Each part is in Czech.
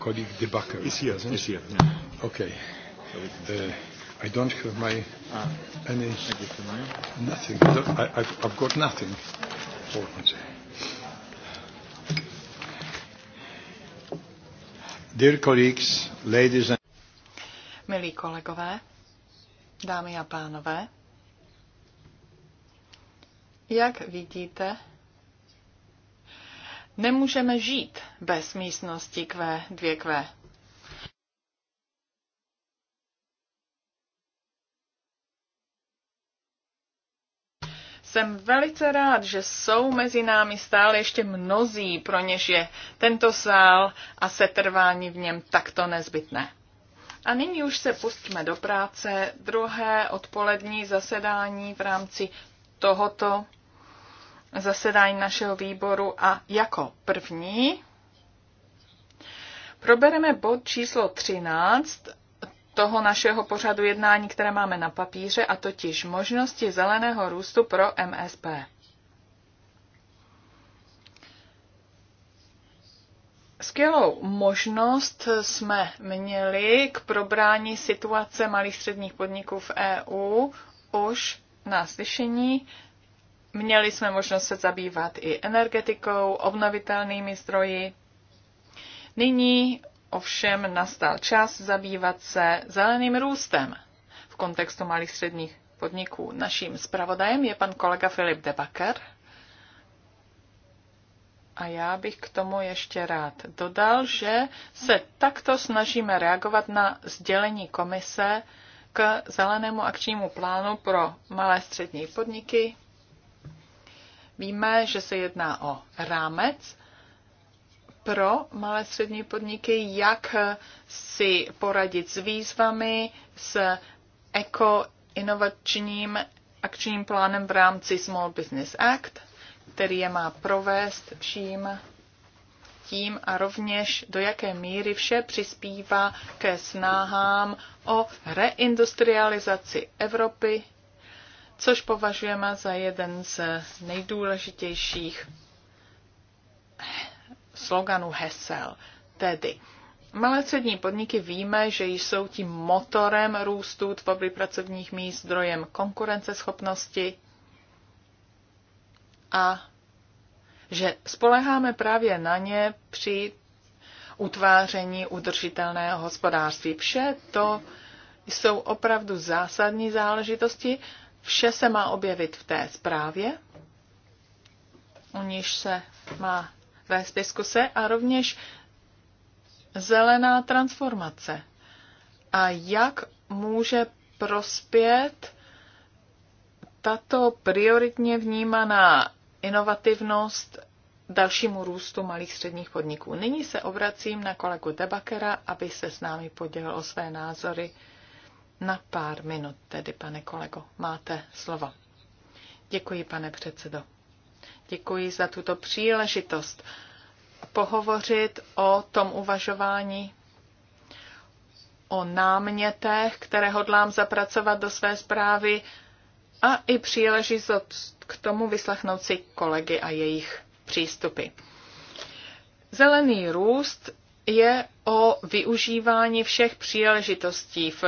colleague De Backer is here, isn't is here. Yeah. Okay. Uh, I don't have my ah, any nothing. No, I, I've, I've got nothing. Important. Dear colleagues, ladies and Milí kolegové, dámy a pánové, jak vidíte, Nemůžeme žít bez místnosti kve, dvě kve. Jsem velice rád, že jsou mezi námi stále ještě mnozí, pro něž je tento sál a setrvání v něm takto nezbytné. A nyní už se pustíme do práce. Druhé odpolední zasedání v rámci tohoto zasedání našeho výboru a jako první probereme bod číslo 13 toho našeho pořadu jednání, které máme na papíře, a totiž možnosti zeleného růstu pro MSP. Skvělou možnost jsme měli k probrání situace malých středních podniků v EU už na slyšení Měli jsme možnost se zabývat i energetikou, obnovitelnými zdroji. Nyní ovšem nastal čas zabývat se zeleným růstem v kontextu malých středních podniků. Naším zpravodajem je pan kolega Filip Debaker. A já bych k tomu ještě rád dodal, že se takto snažíme reagovat na sdělení komise k zelenému akčnímu plánu pro malé střední podniky Víme, že se jedná o rámec pro malé střední podniky, jak si poradit s výzvami, s ekoinovačním akčním plánem v rámci Small Business Act, který je má provést vším tím a rovněž do jaké míry vše přispívá ke snahám o reindustrializaci Evropy což považujeme za jeden z nejdůležitějších sloganů hesel. Tedy Malé střední podniky víme, že jsou tím motorem růstu tvorby pracovních míst, zdrojem konkurenceschopnosti a že spoleháme právě na ně při utváření udržitelného hospodářství. Vše to jsou opravdu zásadní záležitosti, Vše se má objevit v té zprávě, u níž se má vést diskuse a rovněž zelená transformace. A jak může prospět tato prioritně vnímaná inovativnost dalšímu růstu malých středních podniků. Nyní se obracím na kolegu Debakera, aby se s námi podělil o své názory na pár minut tedy, pane kolego, máte slovo. Děkuji, pane předsedo. Děkuji za tuto příležitost pohovořit o tom uvažování, o námětech, které hodlám zapracovat do své zprávy a i příležitost k tomu vyslechnout si kolegy a jejich přístupy. Zelený růst je o využívání všech příležitostí v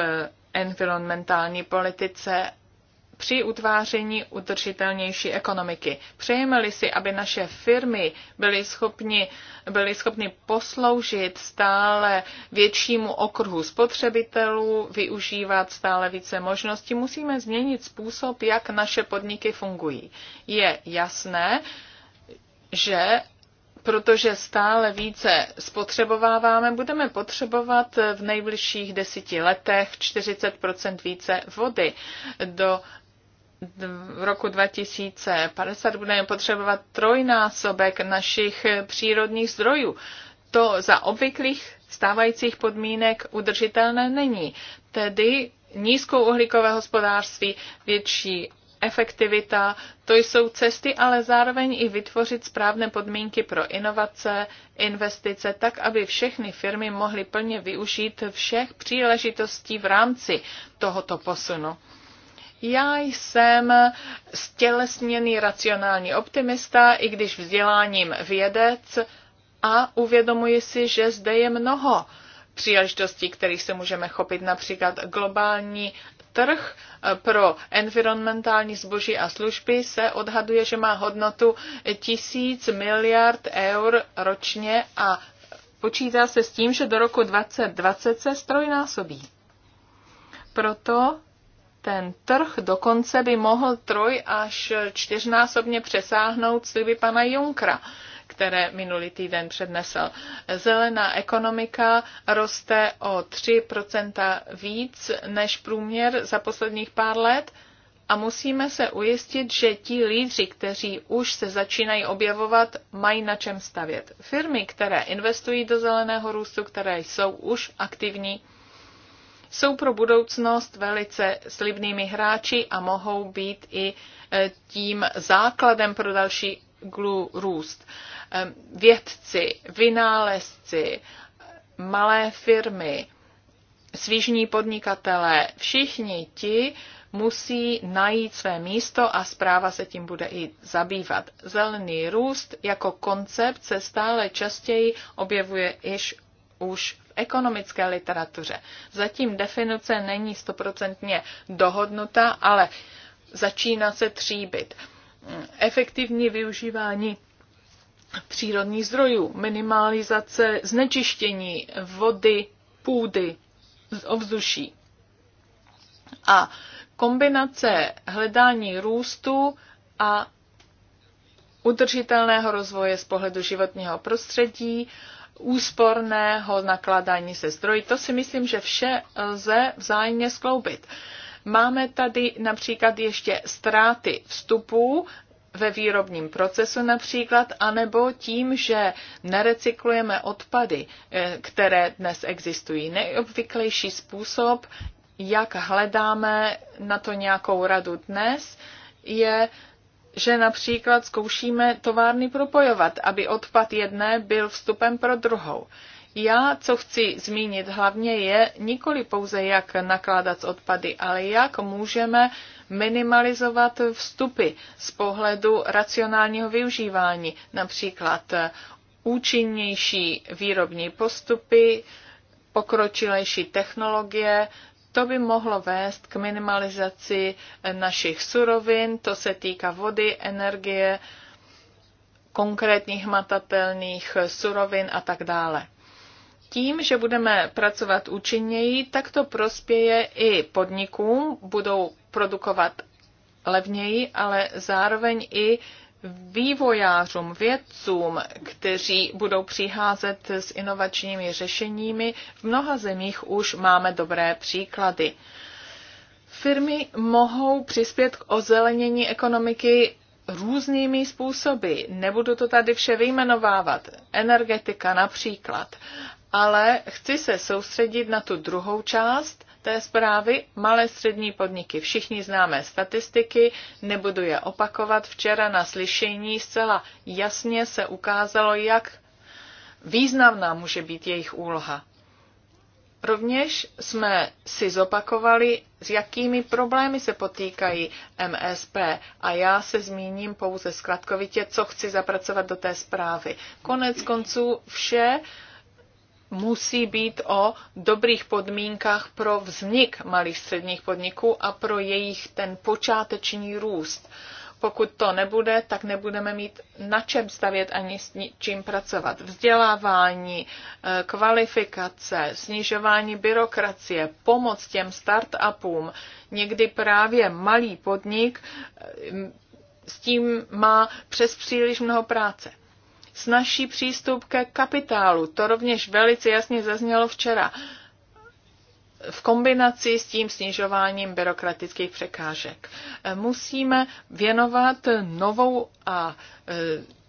environmentální politice při utváření udržitelnější ekonomiky. Přejeme-li si, aby naše firmy byly schopni, byly schopny posloužit stále většímu okruhu spotřebitelů, využívat stále více možností, musíme změnit způsob, jak naše podniky fungují. Je jasné, že protože stále více spotřebováváme, budeme potřebovat v nejbližších deseti letech 40 více vody. Do v roku 2050 budeme potřebovat trojnásobek našich přírodních zdrojů. To za obvyklých stávajících podmínek udržitelné není. Tedy nízkou uhlíkové hospodářství, větší efektivita, to jsou cesty, ale zároveň i vytvořit správné podmínky pro inovace, investice, tak aby všechny firmy mohly plně využít všech příležitostí v rámci tohoto posunu. Já jsem stělesněný racionální optimista, i když vzděláním vědec a uvědomuji si, že zde je mnoho příležitostí, kterých se můžeme chopit, například globální trh pro environmentální zboží a služby se odhaduje, že má hodnotu tisíc miliard eur ročně a počítá se s tím, že do roku 2020 se strojnásobí. Proto ten trh dokonce by mohl troj až čtyřnásobně přesáhnout sliby pana Junkra které minulý týden přednesl. Zelená ekonomika roste o 3% víc než průměr za posledních pár let a musíme se ujistit, že ti lídři, kteří už se začínají objevovat, mají na čem stavět. Firmy, které investují do zeleného růstu, které jsou už aktivní, jsou pro budoucnost velice slibnými hráči a mohou být i e, tím základem pro další glu růst. Vědci, vynálezci, malé firmy, svížní podnikatelé, všichni ti musí najít své místo a zpráva se tím bude i zabývat. Zelený růst jako koncept se stále častěji objevuje již už v ekonomické literatuře. Zatím definice není stoprocentně dohodnuta, ale začíná se tříbit efektivní využívání přírodních zdrojů, minimalizace znečištění vody, půdy, ovzduší. A kombinace hledání růstu a udržitelného rozvoje z pohledu životního prostředí, úsporného nakládání se zdroji, to si myslím, že vše lze vzájemně skloubit. Máme tady například ještě ztráty vstupů ve výrobním procesu například, anebo tím, že nerecyklujeme odpady, eh, které dnes existují. Nejobvyklejší způsob, jak hledáme na to nějakou radu dnes, je že například zkoušíme továrny propojovat, aby odpad jedné byl vstupem pro druhou. Já, co chci zmínit hlavně, je nikoli pouze, jak nakládat s odpady, ale jak můžeme minimalizovat vstupy z pohledu racionálního využívání, například eh, účinnější výrobní postupy, pokročilejší technologie, to by mohlo vést k minimalizaci eh, našich surovin, to se týká vody, energie, konkrétních matatelných eh, surovin a tak dále tím, že budeme pracovat účinněji, tak to prospěje i podnikům, budou produkovat levněji, ale zároveň i vývojářům, vědcům, kteří budou přicházet s inovačními řešeními. V mnoha zemích už máme dobré příklady. Firmy mohou přispět k ozelenění ekonomiky různými způsoby. Nebudu to tady vše vyjmenovávat. Energetika například ale chci se soustředit na tu druhou část té zprávy. Malé střední podniky. Všichni známe statistiky, nebudu je opakovat. Včera na slyšení zcela jasně se ukázalo, jak významná může být jejich úloha. Rovněž jsme si zopakovali, s jakými problémy se potýkají MSP a já se zmíním pouze zkratkovitě, co chci zapracovat do té zprávy. Konec konců vše musí být o dobrých podmínkách pro vznik malých středních podniků a pro jejich ten počáteční růst. Pokud to nebude, tak nebudeme mít na čem stavět ani s čím pracovat. Vzdělávání, eh, kvalifikace, snižování byrokracie, pomoc těm start-upům. Někdy právě malý podnik eh, s tím má přes příliš mnoho práce snažší přístup ke kapitálu. To rovněž velice jasně zaznělo včera v kombinaci s tím snižováním byrokratických překážek. Musíme věnovat novou a e,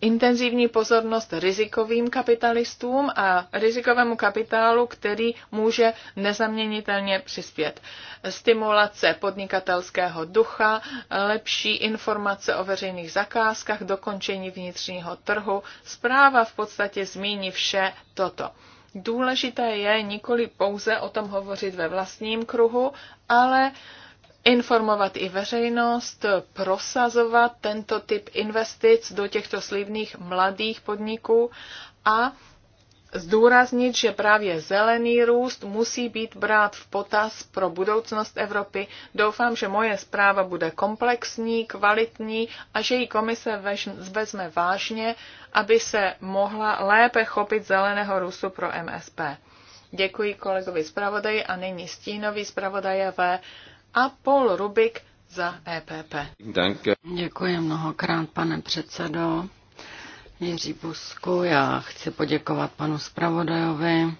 intenzivní pozornost rizikovým kapitalistům a rizikovému kapitálu, který může nezaměnitelně přispět. Stimulace podnikatelského ducha, lepší informace o veřejných zakázkách, dokončení vnitřního trhu. Zpráva v podstatě zmíní vše toto. Důležité je nikoli pouze o tom hovořit ve vlastním kruhu, ale informovat i veřejnost, prosazovat tento typ investic do těchto slibných mladých podniků a zdůraznit, že právě zelený růst musí být brát v potaz pro budoucnost Evropy. Doufám, že moje zpráva bude komplexní, kvalitní a že ji komise vezme vážně, aby se mohla lépe chopit zeleného růstu pro MSP. Děkuji kolegovi zpravodaji a nyní stínový V a Paul Rubik za EPP. Děkuji mnohokrát, pane předsedo. Jiří Busku. Já chci poděkovat panu zpravodajovi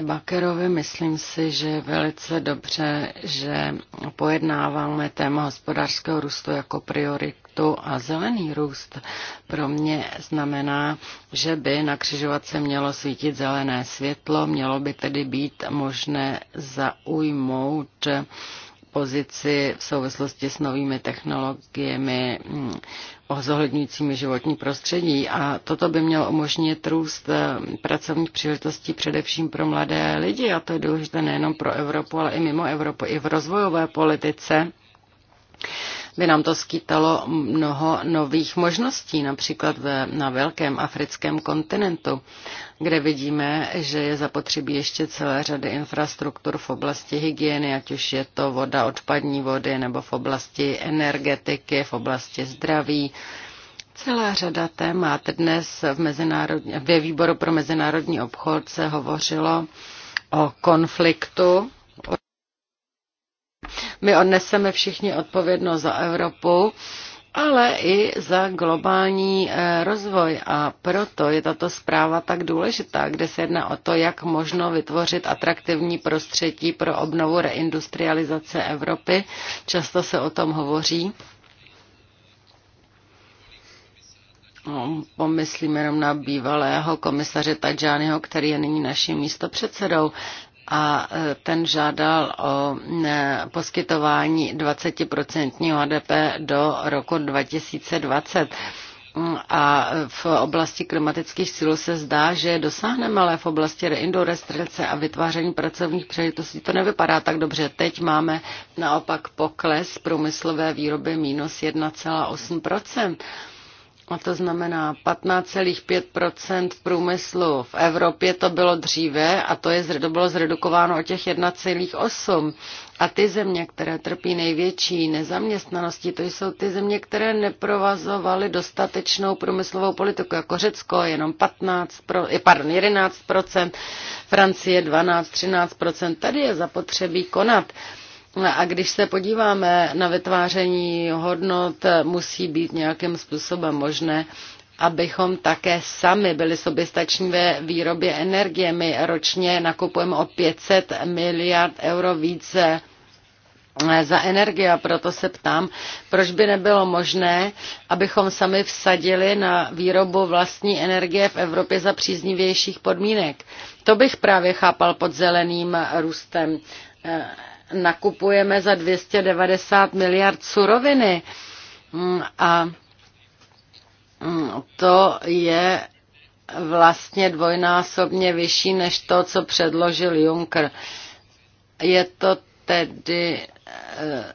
Bakerovi. Myslím si, že je velice dobře, že pojednáváme téma hospodářského růstu jako prioritu a zelený růst pro mě znamená, že by na křižovatce mělo svítit zelené světlo, mělo by tedy být možné zaujmout pozici v souvislosti s novými technologiemi mm, zohledňujícími životní prostředí. A toto by mělo umožnit růst eh, pracovních příležitostí především pro mladé lidi. A to je důležité nejenom pro Evropu, ale i mimo Evropu, i v rozvojové politice by nám to skýtalo mnoho nových možností, například ve, na velkém africkém kontinentu, kde vidíme, že je zapotřebí ještě celé řady infrastruktur v oblasti hygieny, ať už je to voda, odpadní vody, nebo v oblasti energetiky, v oblasti zdraví. Celá řada témat. Dnes v mezinárodní, ve výboru pro mezinárodní obchod se hovořilo o konfliktu my odneseme všichni odpovědnost za Evropu, ale i za globální eh, rozvoj. A proto je tato zpráva tak důležitá, kde se jedná o to, jak možno vytvořit atraktivní prostředí pro obnovu reindustrializace Evropy. Často se o tom hovoří. No, Pomyslím jenom na bývalého komisaře Tajányho, který je nyní naším místopředsedou a e, ten žádal o e, poskytování 20% HDP do roku 2020. Mm, a v oblasti klimatických cílů se zdá, že je dosáhneme, ale v oblasti reindustrializace a vytváření pracovních příležitostí to nevypadá tak dobře. Teď máme naopak pokles průmyslové výroby minus 1,8 a to znamená 15,5 v průmyslu v Evropě to bylo dříve a to, je, to bylo zredukováno o těch 1,8. A ty země, které trpí největší nezaměstnaností, to jsou ty země, které neprovazovaly dostatečnou průmyslovou politiku, jako Řecko jenom 15, pardon, 11 Francie 12, 13 Tady je zapotřebí konat. A když se podíváme na vytváření hodnot, musí být nějakým způsobem možné, abychom také sami byli soběstační ve výrobě energie. My ročně nakupujeme o 500 miliard euro více eh, za energie a proto se ptám, proč by nebylo možné, abychom sami vsadili na výrobu vlastní energie v Evropě za příznivějších podmínek. To bych právě chápal pod zeleným růstem eh, nakupujeme za 290 miliard suroviny mm, a mm, to je vlastně dvojnásobně vyšší než to, co předložil Juncker. Je to tedy eh,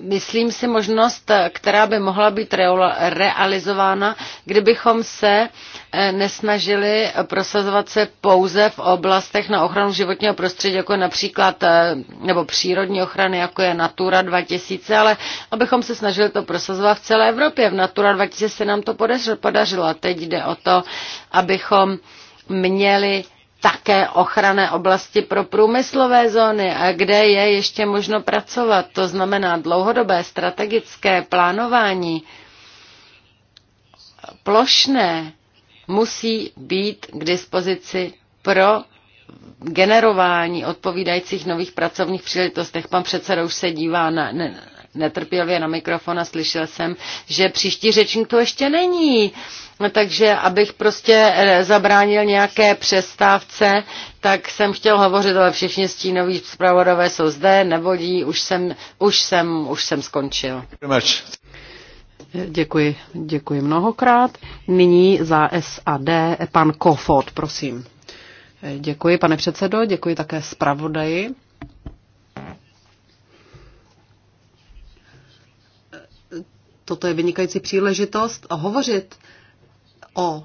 myslím si, možnost, která by mohla být realizována, kdybychom se eh, nesnažili prosazovat se pouze v oblastech na ochranu životního prostředí, jako je například, eh, nebo přírodní ochrany, jako je Natura 2000, ale abychom se snažili to prosazovat v celé Evropě. V Natura 2000 se nám to podařilo. A teď jde o to, abychom měli také ochranné oblasti pro průmyslové zóny, a kde je ještě možno pracovat. To znamená dlouhodobé strategické plánování plošné musí být k dispozici pro generování odpovídajících nových pracovních příležitostech. Pan předseda už se dívá na, ne, netrpělivě na mikrofon a slyšel jsem, že příští řečník to ještě není. No, takže abych prostě eh, zabránil nějaké přestávce, tak jsem chtěl hovořit, ale všichni stínoví zpravodové jsou zde, nevodí, už jsem, už jsem, už jsem skončil. Děkuji, děkuji mnohokrát. Nyní za SAD pan Kofod, prosím. Děkuji, pane předsedo, děkuji také zpravodaji. toto je vynikající příležitost hovořit o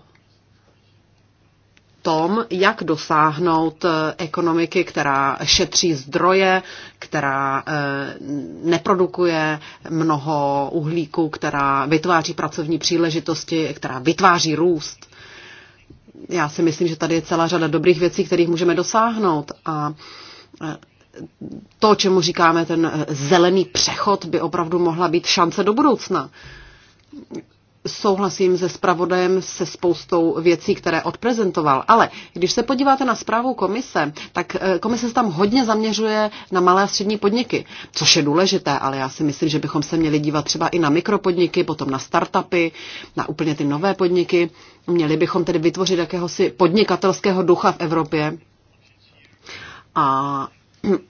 tom, jak dosáhnout eh, ekonomiky, která šetří zdroje, která eh, neprodukuje mnoho uhlíku, která vytváří pracovní příležitosti, která vytváří růst. Já si myslím, že tady je celá řada dobrých věcí, kterých můžeme dosáhnout a eh, to, čemu říkáme ten eh, zelený přechod, by opravdu mohla být šance do budoucna. Souhlasím se spravodajem se spoustou věcí, které odprezentoval, ale když se podíváte na zprávu komise, tak eh, komise se tam hodně zaměřuje na malé a střední podniky, což je důležité, ale já si myslím, že bychom se měli dívat třeba i na mikropodniky, potom na startupy, na úplně ty nové podniky. Měli bychom tedy vytvořit jakéhosi podnikatelského ducha v Evropě. A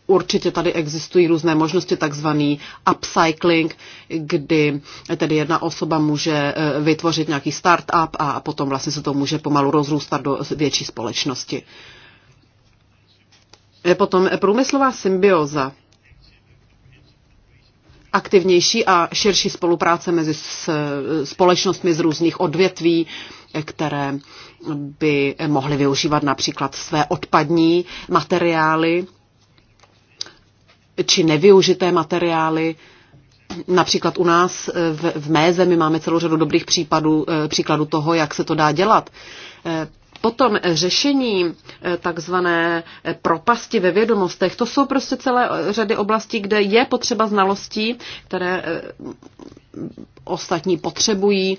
Určitě tady existují různé možnosti, takzvaný upcycling, kdy tedy jedna osoba může eh, vytvořit nějaký startup a potom vlastně se to může pomalu rozrůstat do větší společnosti. Je potom průmyslová symbioza. Aktivnější a širší spolupráce mezi společnostmi z různých odvětví, které by mohly využívat například své odpadní materiály či nevyužité materiály. Například u nás eh, v, v mé zemi máme celou řadu dobrých případů, eh, příkladů toho, jak se to dá dělat. Eh, potom řešení takzvané propasti ve vědomostech, to jsou prostě celé řady oblastí, kde je potřeba znalostí, které ostatní potřebují.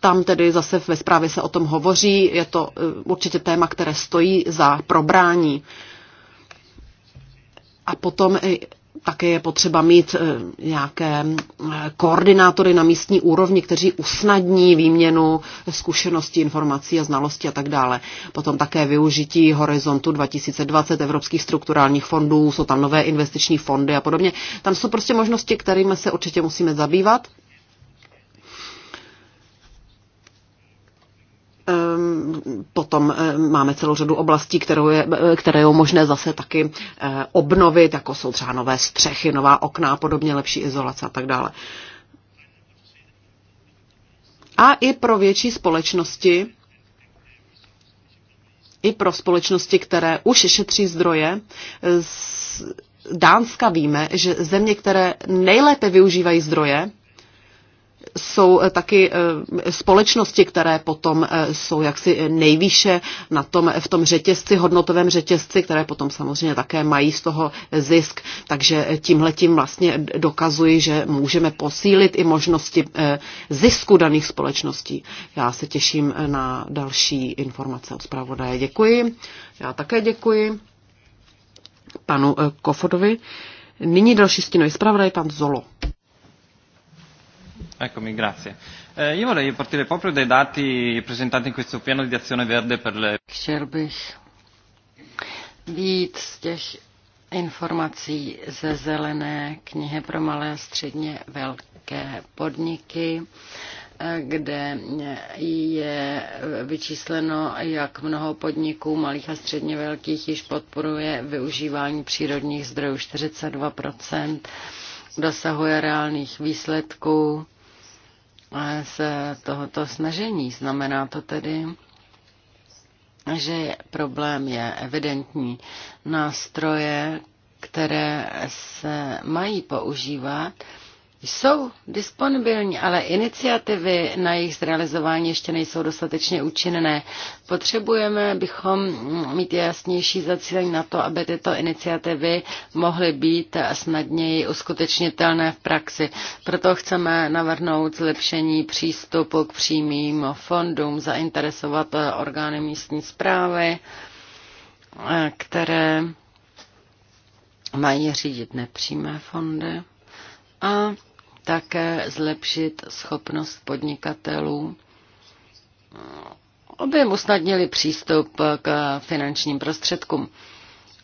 Tam tedy zase ve zprávě se o tom hovoří, je to určitě téma, které stojí za probrání. A potom také je potřeba mít eh, nějaké eh, koordinátory na místní úrovni, kteří usnadní výměnu zkušeností, informací a znalostí a tak dále. Potom také využití horizontu 2020 evropských strukturálních fondů, jsou tam nové investiční fondy a podobně. Tam jsou prostě možnosti, kterými se určitě musíme zabývat Ehm, potom eh, máme celou řadu oblastí, kterou je, které je možné zase taky eh, obnovit, jako jsou třeba nové střechy, nová okna a podobně, lepší izolace a tak dále. A i pro větší společnosti, i pro společnosti, které už šetří zdroje, z Dánska víme, že země, které nejlépe využívají zdroje, jsou eh, taky eh, společnosti, které potom eh, jsou jaksi nejvýše na tom, v tom řetězci, hodnotovém řetězci, které potom samozřejmě také mají z toho zisk. Takže tímhletím vlastně dokazuji, že můžeme posílit i možnosti zisku daných společností. Já se těším na další informace od zpravodaje. Děkuji. Já také děkuji panu Kofodovi. Nyní další stínový zpravodaj, pan Zolo. Eccomi, grazie. Eh, io vorrei partire proprio dai dati presentati in questo piano di azione verde per le... víc těch informací ze zelené knihy pro malé a středně velké podniky, eh, kde je vyčísleno, jak mnoho podniků malých a středně velkých již podporuje využívání přírodních zdrojů 42 dosahuje reálných výsledků z tohoto snažení. Znamená to tedy, že problém je evidentní. Nástroje, které se mají používat, jsou disponibilní, ale iniciativy na jejich zrealizování ještě nejsou dostatečně účinné. Potřebujeme bychom mm, mít jasnější zacílení na to, aby tyto iniciativy mohly být snadněji uskutečnitelné v praxi. Proto chceme navrhnout zlepšení přístupu k přímým fondům, zainteresovat eh, orgány místní zprávy, eh, které mají řídit nepřímé fondy. A také zlepšit schopnost podnikatelů, aby jim usnadnili přístup k finančním prostředkům.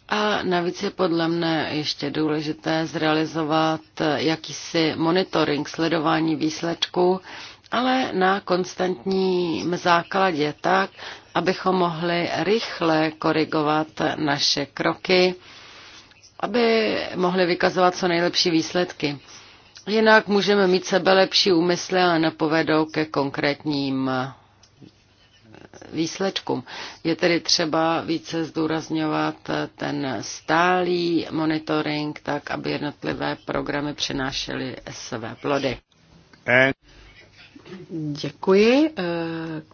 A navíc je podle mne ještě důležité zrealizovat jakýsi monitoring, sledování výsledků, ale na konstantním základě tak, abychom mohli rychle korigovat naše kroky, aby mohli vykazovat co nejlepší výsledky. Jinak můžeme mít sebelepší úmysly, a nepovedou ke konkrétním výsledkům. Je tedy třeba více zdůrazňovat ten stálý monitoring, tak aby jednotlivé programy přinášely své plody. Děkuji, eh,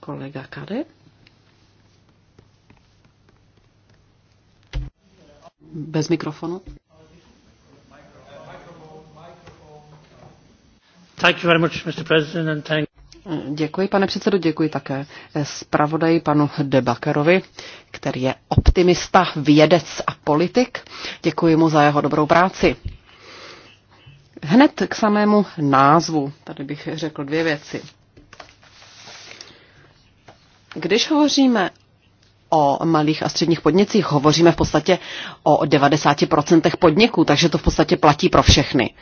kolega Kade. Bez mikrofonu. Děkuji, pane předsedo, děkuji také zpravodaji panu Debakerovi, který je optimista, vědec a politik. Děkuji mu za jeho dobrou práci. Hned k samému názvu, tady bych řekl dvě věci. Když hovoříme o malých a středních podnicích, hovoříme v podstatě o 90% podniků, takže to v podstatě platí pro všechny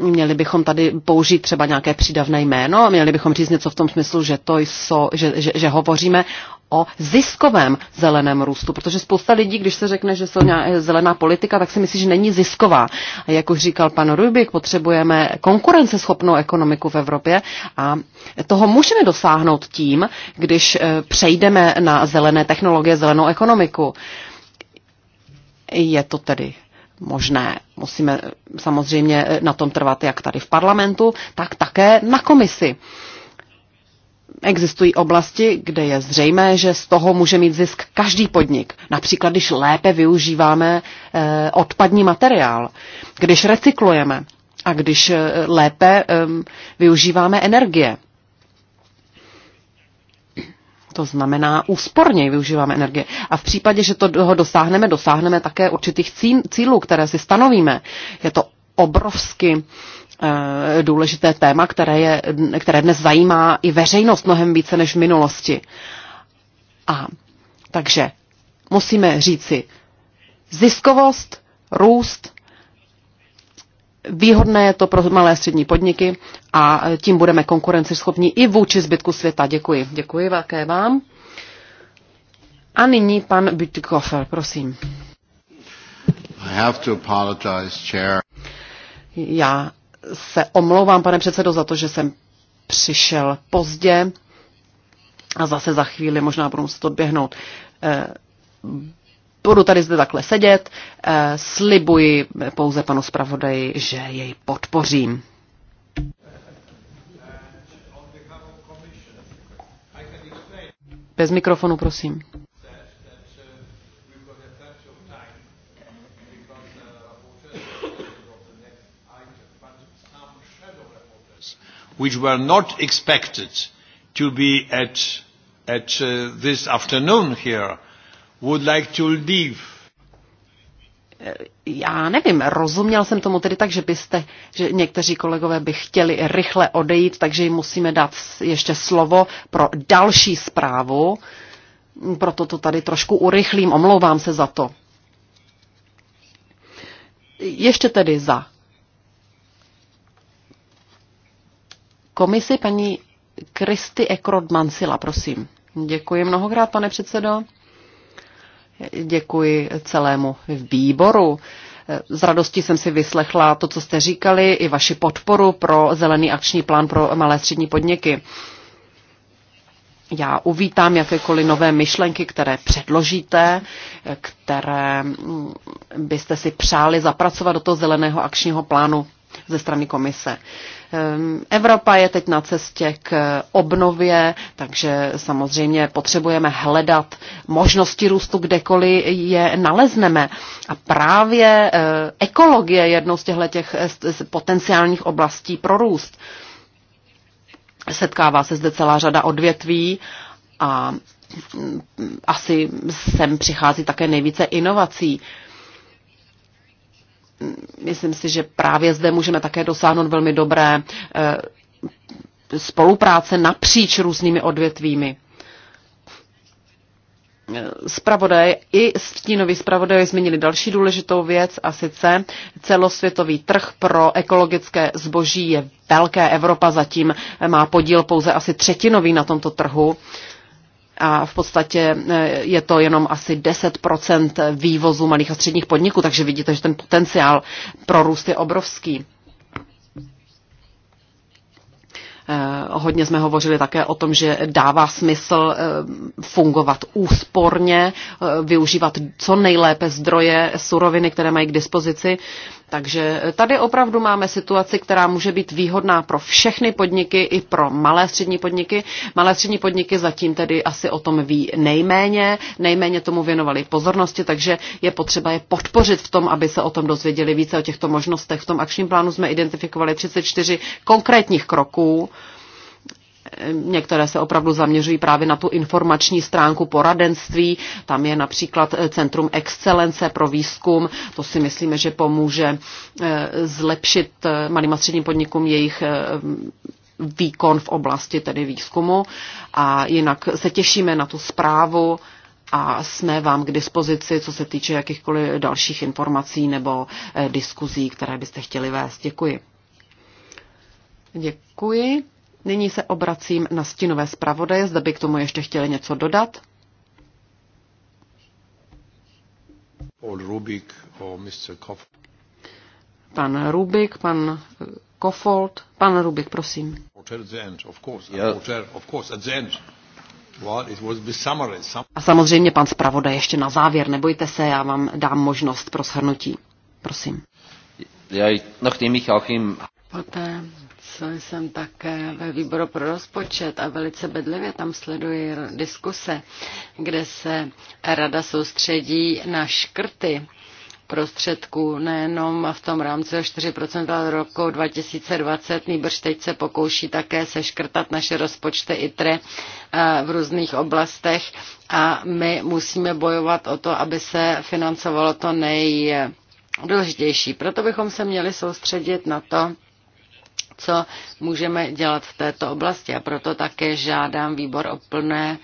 Měli bychom tady použít třeba nějaké přídavné jméno, měli bychom říct něco v tom smyslu, že, to jsou, že, že, že hovoříme o ziskovém zeleném růstu, protože spousta lidí, když se řekne, že jsou eh, zelená politika, tak si myslí, že není zisková. A jak už říkal pan Rubik, potřebujeme konkurenceschopnou ekonomiku v Evropě a toho můžeme dosáhnout tím, když eh, přejdeme na zelené technologie, zelenou ekonomiku. Je to tedy možné. Musíme samozřejmě na tom trvat jak tady v parlamentu, tak také na komisi. Existují oblasti, kde je zřejmé, že z toho může mít zisk každý podnik. Například, když lépe využíváme eh, odpadní materiál, když recyklujeme a když eh, lépe eh, využíváme energie. To znamená, úsporněji využíváme energie. A v případě, že toho dosáhneme, dosáhneme také určitých cílů, které si stanovíme. Je to obrovsky eh, důležité téma, které, je, které dnes zajímá i veřejnost mnohem více než v minulosti. A takže musíme říci ziskovost, růst, Výhodné je to pro malé a střední podniky a tím budeme konkurenceschopní i vůči zbytku světa. Děkuji. Děkuji velké vám. A nyní pan Bütikofer, prosím. I have to apologize, chair. Já se omlouvám, pane předsedo, za to, že jsem přišel pozdě a zase za chvíli možná budu běhnout. odběhnout. Eh, budu tady zde takhle sedět. Eh, slibuji pouze panu zpravodaji, že jej podpořím. Bez mikrofonu, prosím. which were not expected to be at, at uh, this afternoon here would like to leave. Eh, já nevím, rozuměl jsem tomu tedy tak, že byste, že někteří kolegové by chtěli rychle odejít, takže jim musíme dát ještě slovo pro další zprávu. Proto to tady trošku urychlím, omlouvám se za to. Ještě tedy za komisi paní Kristy Ekrod Mansila, prosím. Děkuji mnohokrát, pane předsedo. Děkuji celému výboru. S radostí jsem si vyslechla to, co jste říkali, i vaši podporu pro zelený akční plán pro malé střední podniky. Já uvítám jakékoliv nové myšlenky, které předložíte, které byste si přáli zapracovat do toho zeleného akčního plánu ze strany komise. Ehm, Evropa je teď na cestě k obnově, takže samozřejmě potřebujeme hledat možnosti růstu, kdekoliv je nalezneme. A právě eh, ekologie je jednou z těchto eh, potenciálních oblastí pro růst. Setkává se zde celá řada odvětví a mm, asi sem přichází také nejvíce inovací myslím si, že právě zde můžeme také dosáhnout velmi dobré eh, spolupráce napříč různými odvětvími. Spravodaj i stínoví spravodaj zmínili další důležitou věc a sice celosvětový trh pro ekologické zboží je velké. Evropa zatím má podíl pouze asi třetinový na tomto trhu a v podstatě eh, je to jenom asi 10% vývozu malých a středních podniků, takže vidíte, že ten potenciál pro růst je obrovský. Eh, hodně jsme hovořili také o tom, že dává smysl eh, fungovat úsporně, eh, využívat co nejlépe zdroje, suroviny, které mají k dispozici. Takže tady opravdu máme situaci, která může být výhodná pro všechny podniky i pro malé střední podniky. Malé střední podniky zatím tedy asi o tom ví nejméně, nejméně tomu věnovali pozornosti, takže je potřeba je podpořit v tom, aby se o tom dozvěděli více o těchto možnostech. V tom akčním plánu jsme identifikovali 34 konkrétních kroků, Některé se opravdu zaměřují právě na tu informační stránku poradenství. Tam je například eh, Centrum excelence pro výzkum. To si myslíme, že pomůže eh, zlepšit eh, malým a středním podnikům jejich výkon v oblasti tedy výzkumu. A jinak se těšíme na tu zprávu a jsme vám k dispozici, co se týče jakýchkoliv dalších informací nebo diskuzí, které byste chtěli vést. Děkuji. Děkuji. Nyní se obracím na stínové zpravodaje, zda by k tomu ještě chtěli něco dodat. Pan Rubik, pan eh, Kofold, pan Rubik, prosím. A samozřejmě pan zpravodaj ještě na závěr, nebojte se, já vám dám možnost pro shrnutí. Prosím. Poté, jsem také ve výboru pro rozpočet a velice bedlivě tam sleduji diskuse, kde se rada soustředí na škrty prostředků, nejenom v tom rámci o 4% roku 2020, nýbrž teď se pokouší také seškrtat naše rozpočty ITRE eh, v různých oblastech a my musíme bojovat o to, aby se financovalo to nejdůležitější. Proto bychom se měli soustředit na to, co můžeme dělat v této oblasti. A proto také žádám výbor o plné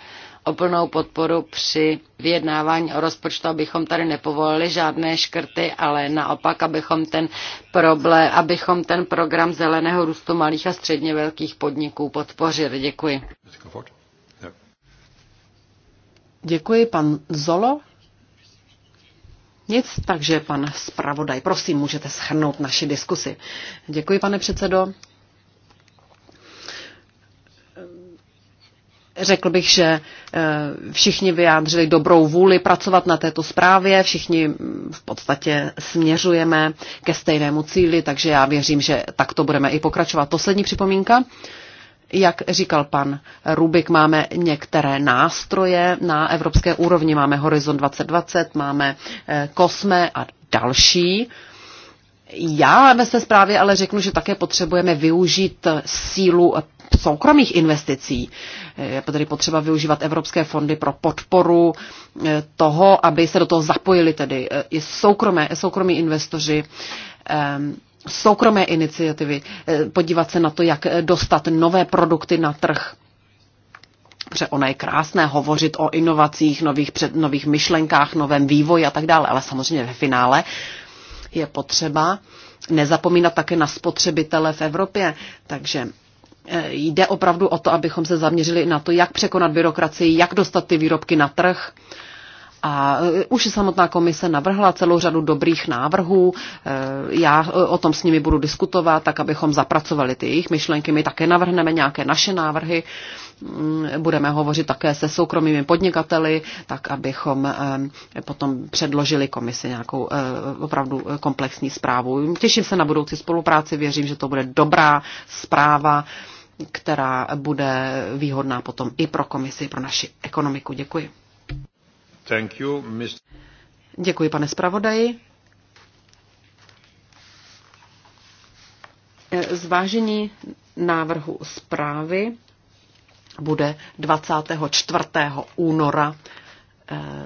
o plnou podporu při vyjednávání o rozpočtu, abychom tady nepovolili žádné škrty, ale naopak, abychom ten, problém, abychom ten program zeleného růstu malých a středně velkých podniků podpořili. Děkuji. Děkuji, pan Zolo. Nic, takže pan zpravodaj, prosím, můžete schrnout naši diskusi. Děkuji, pane předsedo. Řekl bych, že eh, všichni vyjádřili dobrou vůli pracovat na této zprávě, všichni v podstatě směřujeme ke stejnému cíli, takže já věřím, že takto budeme i pokračovat. Poslední připomínka. Jak říkal pan Rubik, máme některé nástroje na evropské úrovni. Máme Horizon 2020, máme eh, Kosme a další. Já ve své zprávě ale řeknu, že také potřebujeme využít sílu soukromých investicí. Je tedy potřeba využívat evropské fondy pro podporu eh, toho, aby se do toho zapojili tedy eh, i soukromé, soukromí investoři. Ehm, soukromé iniciativy, eh, podívat se na to, jak eh, dostat nové produkty na trh. Protože ono je krásné hovořit o inovacích, nových, před, nových myšlenkách, novém vývoji a tak dále, ale samozřejmě ve finále je potřeba nezapomínat také na spotřebitele v Evropě. Takže eh, jde opravdu o to, abychom se zaměřili na to, jak překonat byrokracii, jak dostat ty výrobky na trh a eh, už samotná komise navrhla celou řadu dobrých návrhů. Eh, já eh, o tom s nimi budu diskutovat, tak abychom zapracovali ty jejich myšlenky. My také navrhneme nějaké naše návrhy. Mm, budeme hovořit také se soukromými podnikateli, tak abychom potom předložili komisi nějakou opravdu komplexní zprávu. Těším se na budoucí spolupráci, věřím, že to bude dobrá zpráva která bude výhodná potom i pro komisi, pro naši ekonomiku. Děkuji. Děkuji, pane zpravodaji. Zvážení návrhu zprávy bude 24. února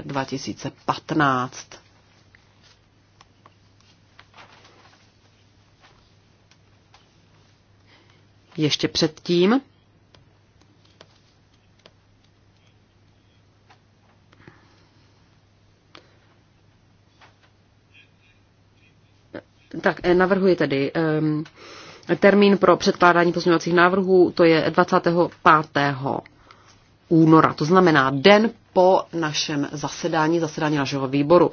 2015. Eh, Ještě předtím Tak eh, navrhuji tedy um, termín pro předkládání pozměňovacích návrhů, to je 25. února, to znamená den po našem zasedání, zasedání našeho výboru.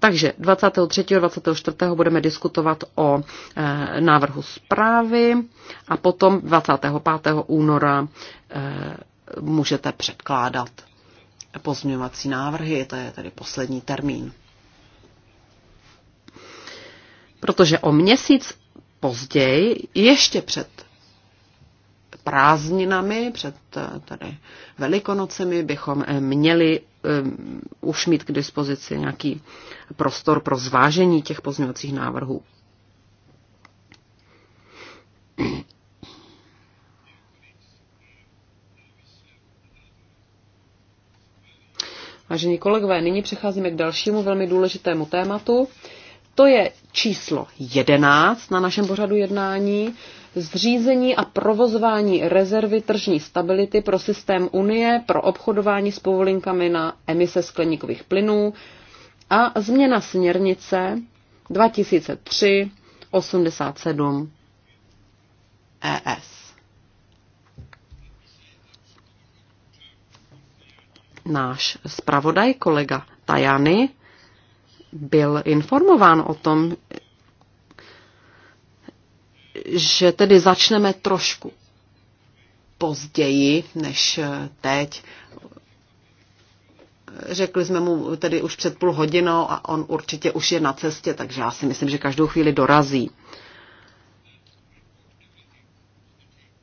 Takže 23. a 24. budeme diskutovat o e, návrhu zprávy a potom 25. února e, můžete předkládat pozměňovací návrhy, to je tedy poslední termín protože o měsíc později, ještě před prázdninami, před eh, tady velikonocemi, bychom eh, měli eh, už mít k dispozici nějaký prostor pro zvážení těch pozměňovacích návrhů. Vážení kolegové, nyní přecházíme k dalšímu velmi důležitému tématu, to je číslo 11 na našem pořadu jednání. Zřízení a provozování rezervy tržní stability pro systém Unie pro obchodování s povolinkami na emise skleníkových plynů a změna směrnice 2003 87 ES. Náš zpravodaj kolega Tajany byl informován o tom, že tedy začneme trošku později než teď. Řekli jsme mu tedy už před půl hodinou a on určitě už je na cestě, takže já si myslím, že každou chvíli dorazí.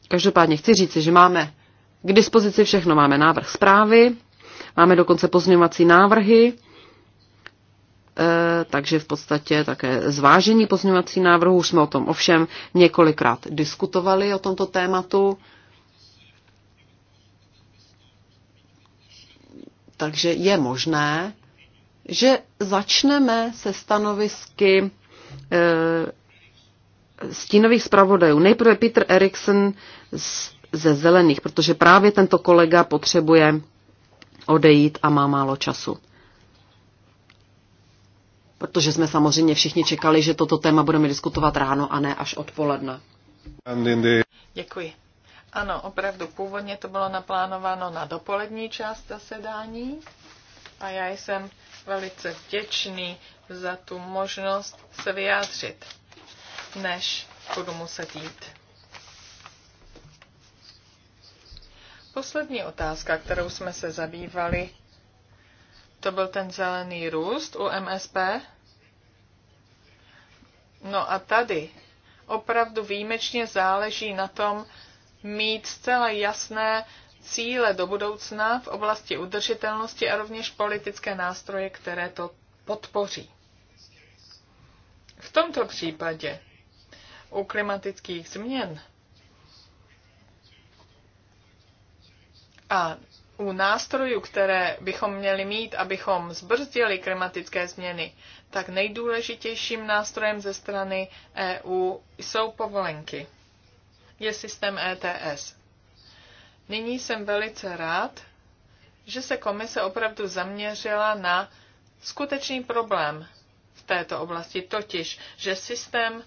Každopádně chci říct, že máme k dispozici všechno. Máme návrh zprávy, máme dokonce pozměňovací návrhy, Eh, takže v podstatě také zvážení pozměňovací návrhu. Už jsme o tom ovšem několikrát diskutovali o tomto tématu. Takže je možné, že začneme se stanovisky eh, stínových zpravodajů. Nejprve Peter Eriksen ze Zelených, protože právě tento kolega potřebuje odejít a má málo času protože jsme samozřejmě všichni čekali, že toto téma budeme diskutovat ráno a ne až odpoledne. Děkuji. Ano, opravdu, původně to bylo naplánováno na dopolední část zasedání a já jsem velice vděčný za tu možnost se vyjádřit, než budu muset jít. Poslední otázka, kterou jsme se zabývali, to byl ten zelený růst u MSP. No a tady opravdu výjimečně záleží na tom mít zcela jasné cíle do budoucna v oblasti udržitelnosti a rovněž politické nástroje, které to podpoří. V tomto případě u klimatických změn a u nástrojů, které bychom měli mít, abychom zbrzdili klimatické změny, tak nejdůležitějším nástrojem ze strany EU jsou povolenky. Je systém ETS. Nyní jsem velice rád, že se komise opravdu zaměřila na skutečný problém v této oblasti, totiž, že systém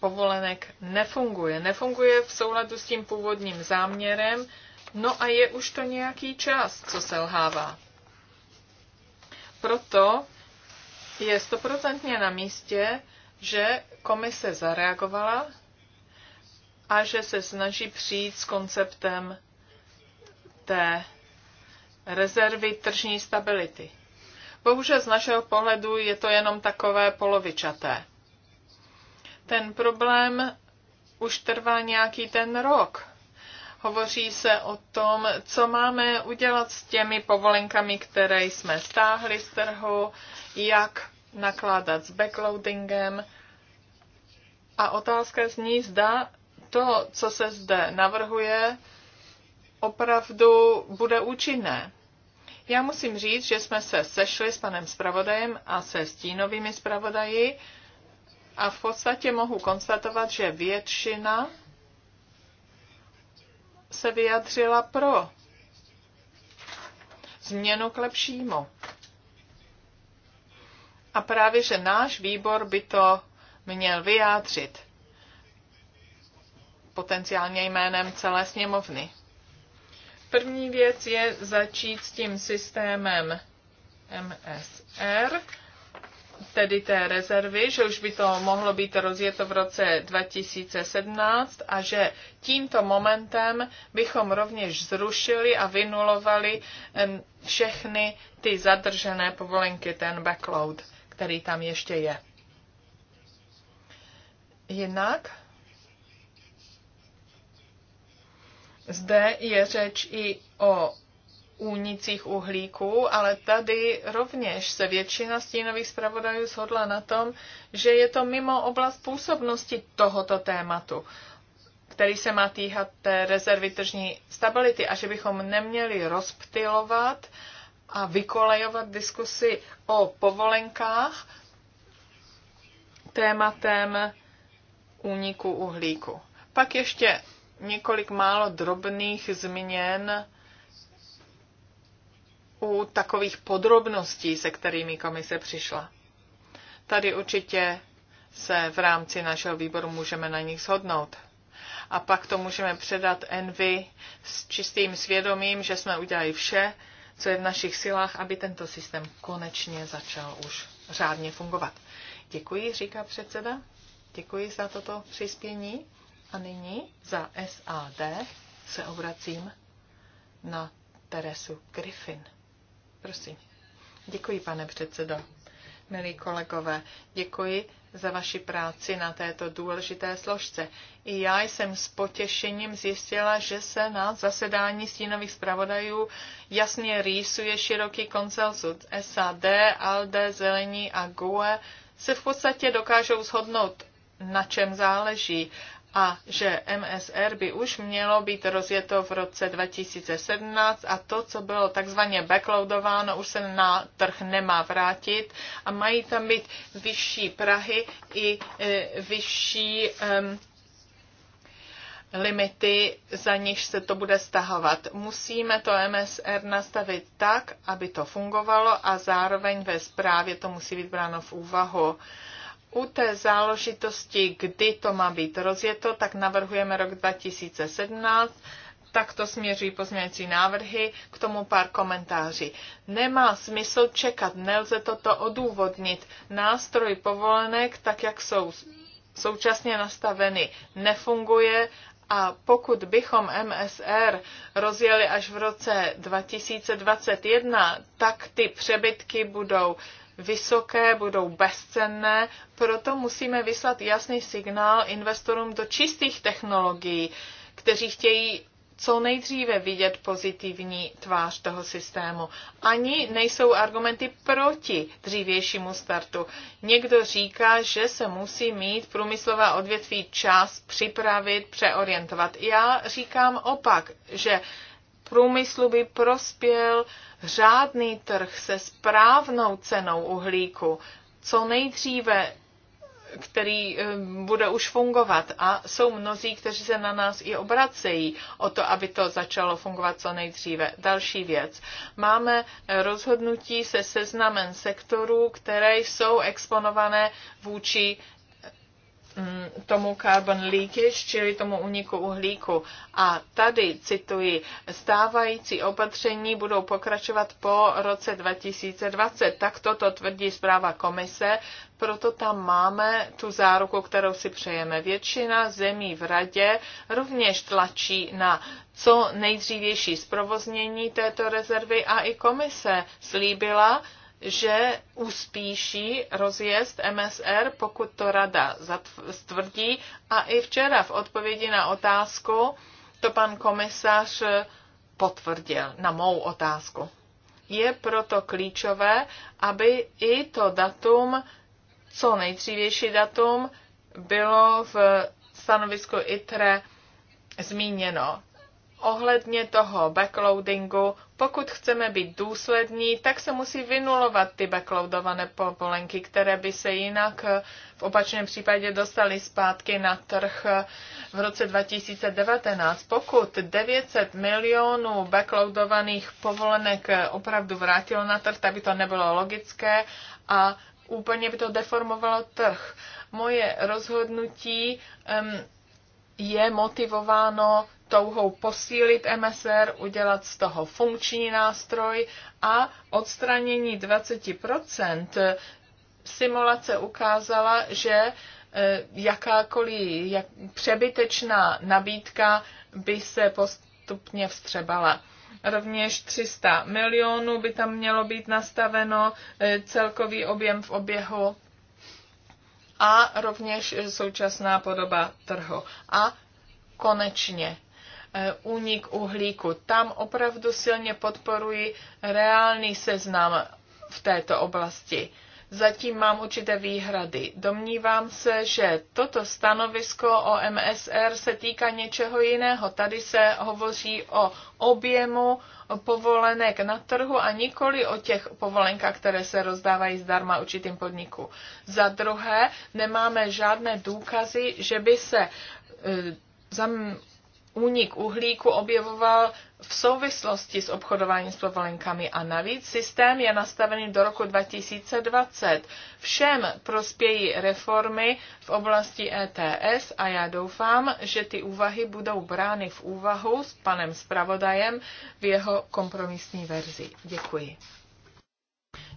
povolenek nefunguje. Nefunguje v souladu s tím původním záměrem, No a je už to nějaký čas, co selhává. Proto je stoprocentně na místě, že komise zareagovala a že se snaží přijít s konceptem té rezervy tržní stability. Bohužel z našeho pohledu je to jenom takové polovičaté. Ten problém už trvá nějaký ten rok. Hovoří se o tom, co máme udělat s těmi povolenkami, které jsme stáhli z trhu, jak nakládat s backloadingem. A otázka zní, zda to, co se zde navrhuje, opravdu bude účinné. Já musím říct, že jsme se sešli s panem zpravodajem a se stínovými zpravodaji a v podstatě mohu konstatovat, že většina se vyjadřila pro změnu k lepšímu. A právě, že náš výbor by to měl vyjádřit potenciálně jménem celé sněmovny. První věc je začít s tím systémem MSR tedy té rezervy, že už by to mohlo být rozjeto v roce 2017 a že tímto momentem bychom rovněž zrušili a vynulovali všechny ty zadržené povolenky, ten backload, který tam ještě je. Jinak zde je řeč i o únicích uhlíků, ale tady rovněž se většina stínových zpravodajů shodla na tom, že je to mimo oblast působnosti tohoto tématu, který se má týhat té rezervy tržní stability a že bychom neměli rozptilovat a vykolejovat diskusy o povolenkách tématem úniku uhlíku. Pak ještě několik málo drobných změn u takových podrobností, se kterými komise přišla. Tady určitě se v rámci našeho výboru můžeme na nich shodnout. A pak to můžeme předat Envy s čistým svědomím, že jsme udělali vše, co je v našich silách, aby tento systém konečně začal už řádně fungovat. Děkuji, říká předseda. Děkuji za toto přispění. A nyní za SAD se obracím na Teresu Griffin. Prosím. Děkuji, pane předsedo. Milí kolegové, děkuji za vaši práci na této důležité složce. I já jsem s potěšením zjistila, že se na zasedání stínových zpravodajů jasně rýsuje široký konsenzus. SAD, ALDE, Zelení a GUE se v podstatě dokážou shodnout, na čem záleží a že MSR by už mělo být rozjeto v roce 2017 a to, co bylo takzvaně backloadováno, už se na trh nemá vrátit a mají tam být vyšší Prahy i e, vyšší e, limity, za nichž se to bude stahovat. Musíme to MSR nastavit tak, aby to fungovalo a zároveň ve zprávě to musí být bráno v úvahu. U té záležitosti, kdy to má být rozjeto, tak navrhujeme rok 2017. tak to směří pozměňující návrhy, k tomu pár komentáří. Nemá smysl čekat, nelze toto odůvodnit. Nástroj povolenek, tak jak jsou současně nastaveny, nefunguje a pokud bychom MSR rozjeli až v roce 2021, tak ty přebytky budou vysoké, budou bezcenné, proto musíme vyslat jasný signál investorům do čistých technologií, kteří chtějí co nejdříve vidět pozitivní tvář toho systému. Ani nejsou argumenty proti dřívějšímu startu. Někdo říká, že se musí mít průmyslová odvětví čas připravit, přeorientovat. Já říkám opak, že průmyslu by prospěl řádný trh se správnou cenou uhlíku, co nejdříve, který eh, bude už fungovat. A jsou mnozí, kteří se na nás i obracejí o to, aby to začalo fungovat co nejdříve. Další věc. Máme rozhodnutí se seznamem sektorů, které jsou exponované vůči Mm, tomu carbon leakage, čili tomu uniku uhlíku. A tady, cituji, stávající opatření budou pokračovat po roce 2020. Tak toto tvrdí zpráva komise, proto tam máme tu záruku, kterou si přejeme. Většina zemí v radě rovněž tlačí na co nejdřívější zprovoznění této rezervy a i komise slíbila, že uspíší rozjezd MSR, pokud to rada stvrdí. A i včera v odpovědi na otázku to pan komisař potvrdil na mou otázku. Je proto klíčové, aby i to datum, co nejdřívější datum, bylo v stanovisku ITRE zmíněno ohledně toho backloadingu, pokud chceme být důslední, tak se musí vynulovat ty backloadované povolenky, které by se jinak eh, v opačném případě dostaly zpátky na trh eh, v roce 2019. Pokud 900 milionů backloadovaných povolenek eh, opravdu vrátilo na trh, tak by to nebylo logické a úplně by to deformovalo trh. Moje rozhodnutí um, je motivováno touhou posílit MSR, udělat z toho funkční nástroj a odstranění 20% simulace ukázala, že e, jakákoliv jak, přebytečná nabídka by se postupně vstřebala. Rovněž 300 milionů by tam mělo být nastaveno e, celkový objem v oběhu a rovněž současná podoba trhu. A konečně E, únik uhlíku. Tam opravdu silně podporuji reálný seznam v této oblasti. Zatím mám určité výhrady. Domnívám se, že toto stanovisko o MSR se týká něčeho jiného. Tady se hovoří o objemu povolenek na trhu a nikoli o těch povolenkách, které se rozdávají zdarma určitým podniku. Za druhé, nemáme žádné důkazy, že by se e, únik uhlíku objevoval v souvislosti s obchodováním s povolenkami a navíc systém je nastavený do roku 2020. Všem prospějí reformy v oblasti ETS a já doufám, že ty úvahy budou brány v úvahu s panem zpravodajem v jeho kompromisní verzi. Děkuji.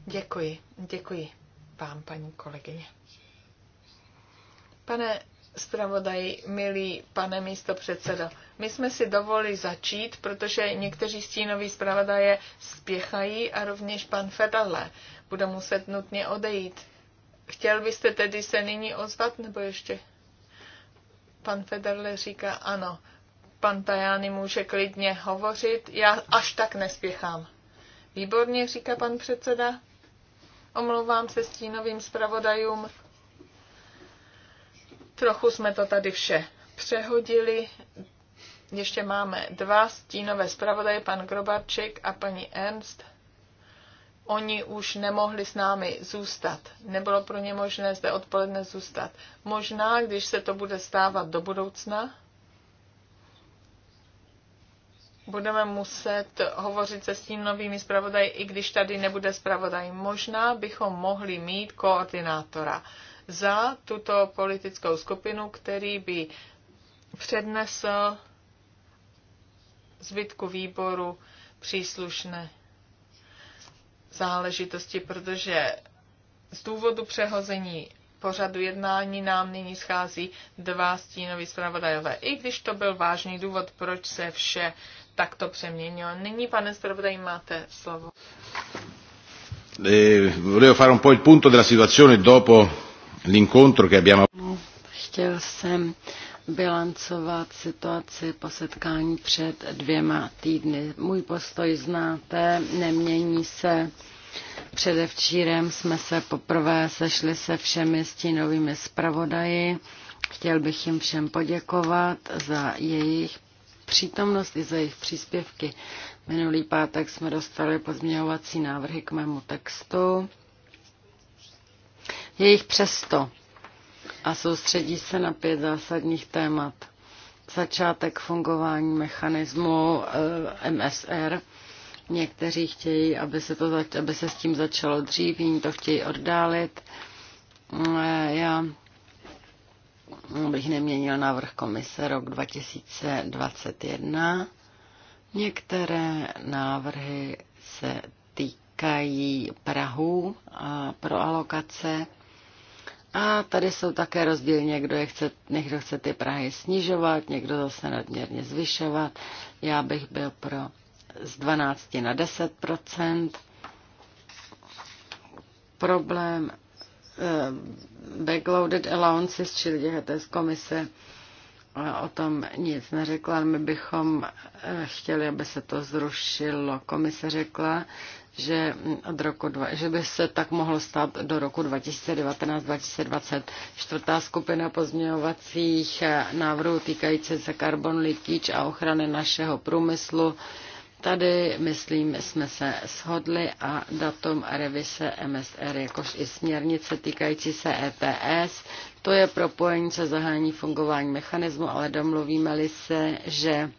Děkuji, děkuji vám, paní kolegyně. Pane zpravodaj, milý pane místo předsedo. My jsme si dovolili začít, protože někteří stínoví zpravodaje spěchají a rovněž pan Fedale. bude muset nutně odejít. Chtěl byste tedy se nyní ozvat, nebo ještě? Pan Federle říká ano. Pan Tajány může klidně hovořit, já až tak nespěchám. Výborně, říká pan předseda. Omlouvám se stínovým zpravodajům. Trochu jsme to tady vše přehodili. Ještě máme dva stínové zpravodaje, pan Grobarček a paní Ernst. Oni už nemohli s námi zůstat. Nebylo pro ně možné zde odpoledne zůstat. Možná, když se to bude stávat do budoucna, budeme muset hovořit se stínovými zpravodaji, i když tady nebude zpravodaj. Možná bychom mohli mít koordinátora za tuto politickou skupinu, který by přednesl zbytku výboru příslušné záležitosti, protože z důvodu přehození pořadu jednání nám nyní schází dva stínoví zpravodajové. I když to byl vážný důvod, proč se vše takto přeměnilo. Nyní, pane zpravodaj, máte slovo. Eh, volevo fare un po' il punto della situazione dopo l'incontro che abbiamo no, Chtěl jsem bilancovat situaci po setkání před dvěma týdny. Můj postoj znáte, nemění se. Předevčírem jsme se poprvé sešli se všemi stínovými zpravodaji. Chtěl bych jim všem poděkovat za jejich přítomnost i za jejich příspěvky. Minulý pátek jsme dostali pozměňovací návrhy k mému textu. Je jich přesto a soustředí se na pět zásadních témat. Začátek fungování mechanismu eh, MSR. Někteří chtějí, aby se, to, zač- aby se s tím začalo dřív, jiní to chtějí oddálit. Eh, já bych neměnil návrh komise rok 2021. Některé návrhy se týkají Prahu a pro alokace a tady jsou také rozdíly, někdo, je chce, někdo chce ty Prahy snižovat, někdo zase nadměrně zvyšovat. Já bych byl pro z 12 na 10 Problém eh, backloaded allowances, čili z komise o tom nic neřekla, my bychom eh, chtěli, aby se to zrušilo. Komise řekla, že, mm, od roku dva, že by se tak mohlo stát do roku 2019-2020. Čtvrtá skupina pozměňovacích eh, návrhů týkající se carbon leakage a ochrany našeho průmyslu. Tady, myslím, jsme se shodli a datum revize MSR, jakož i směrnice týkající se ETS, to je propojení se zahání fungování mechanismu, ale domluvíme-li se, že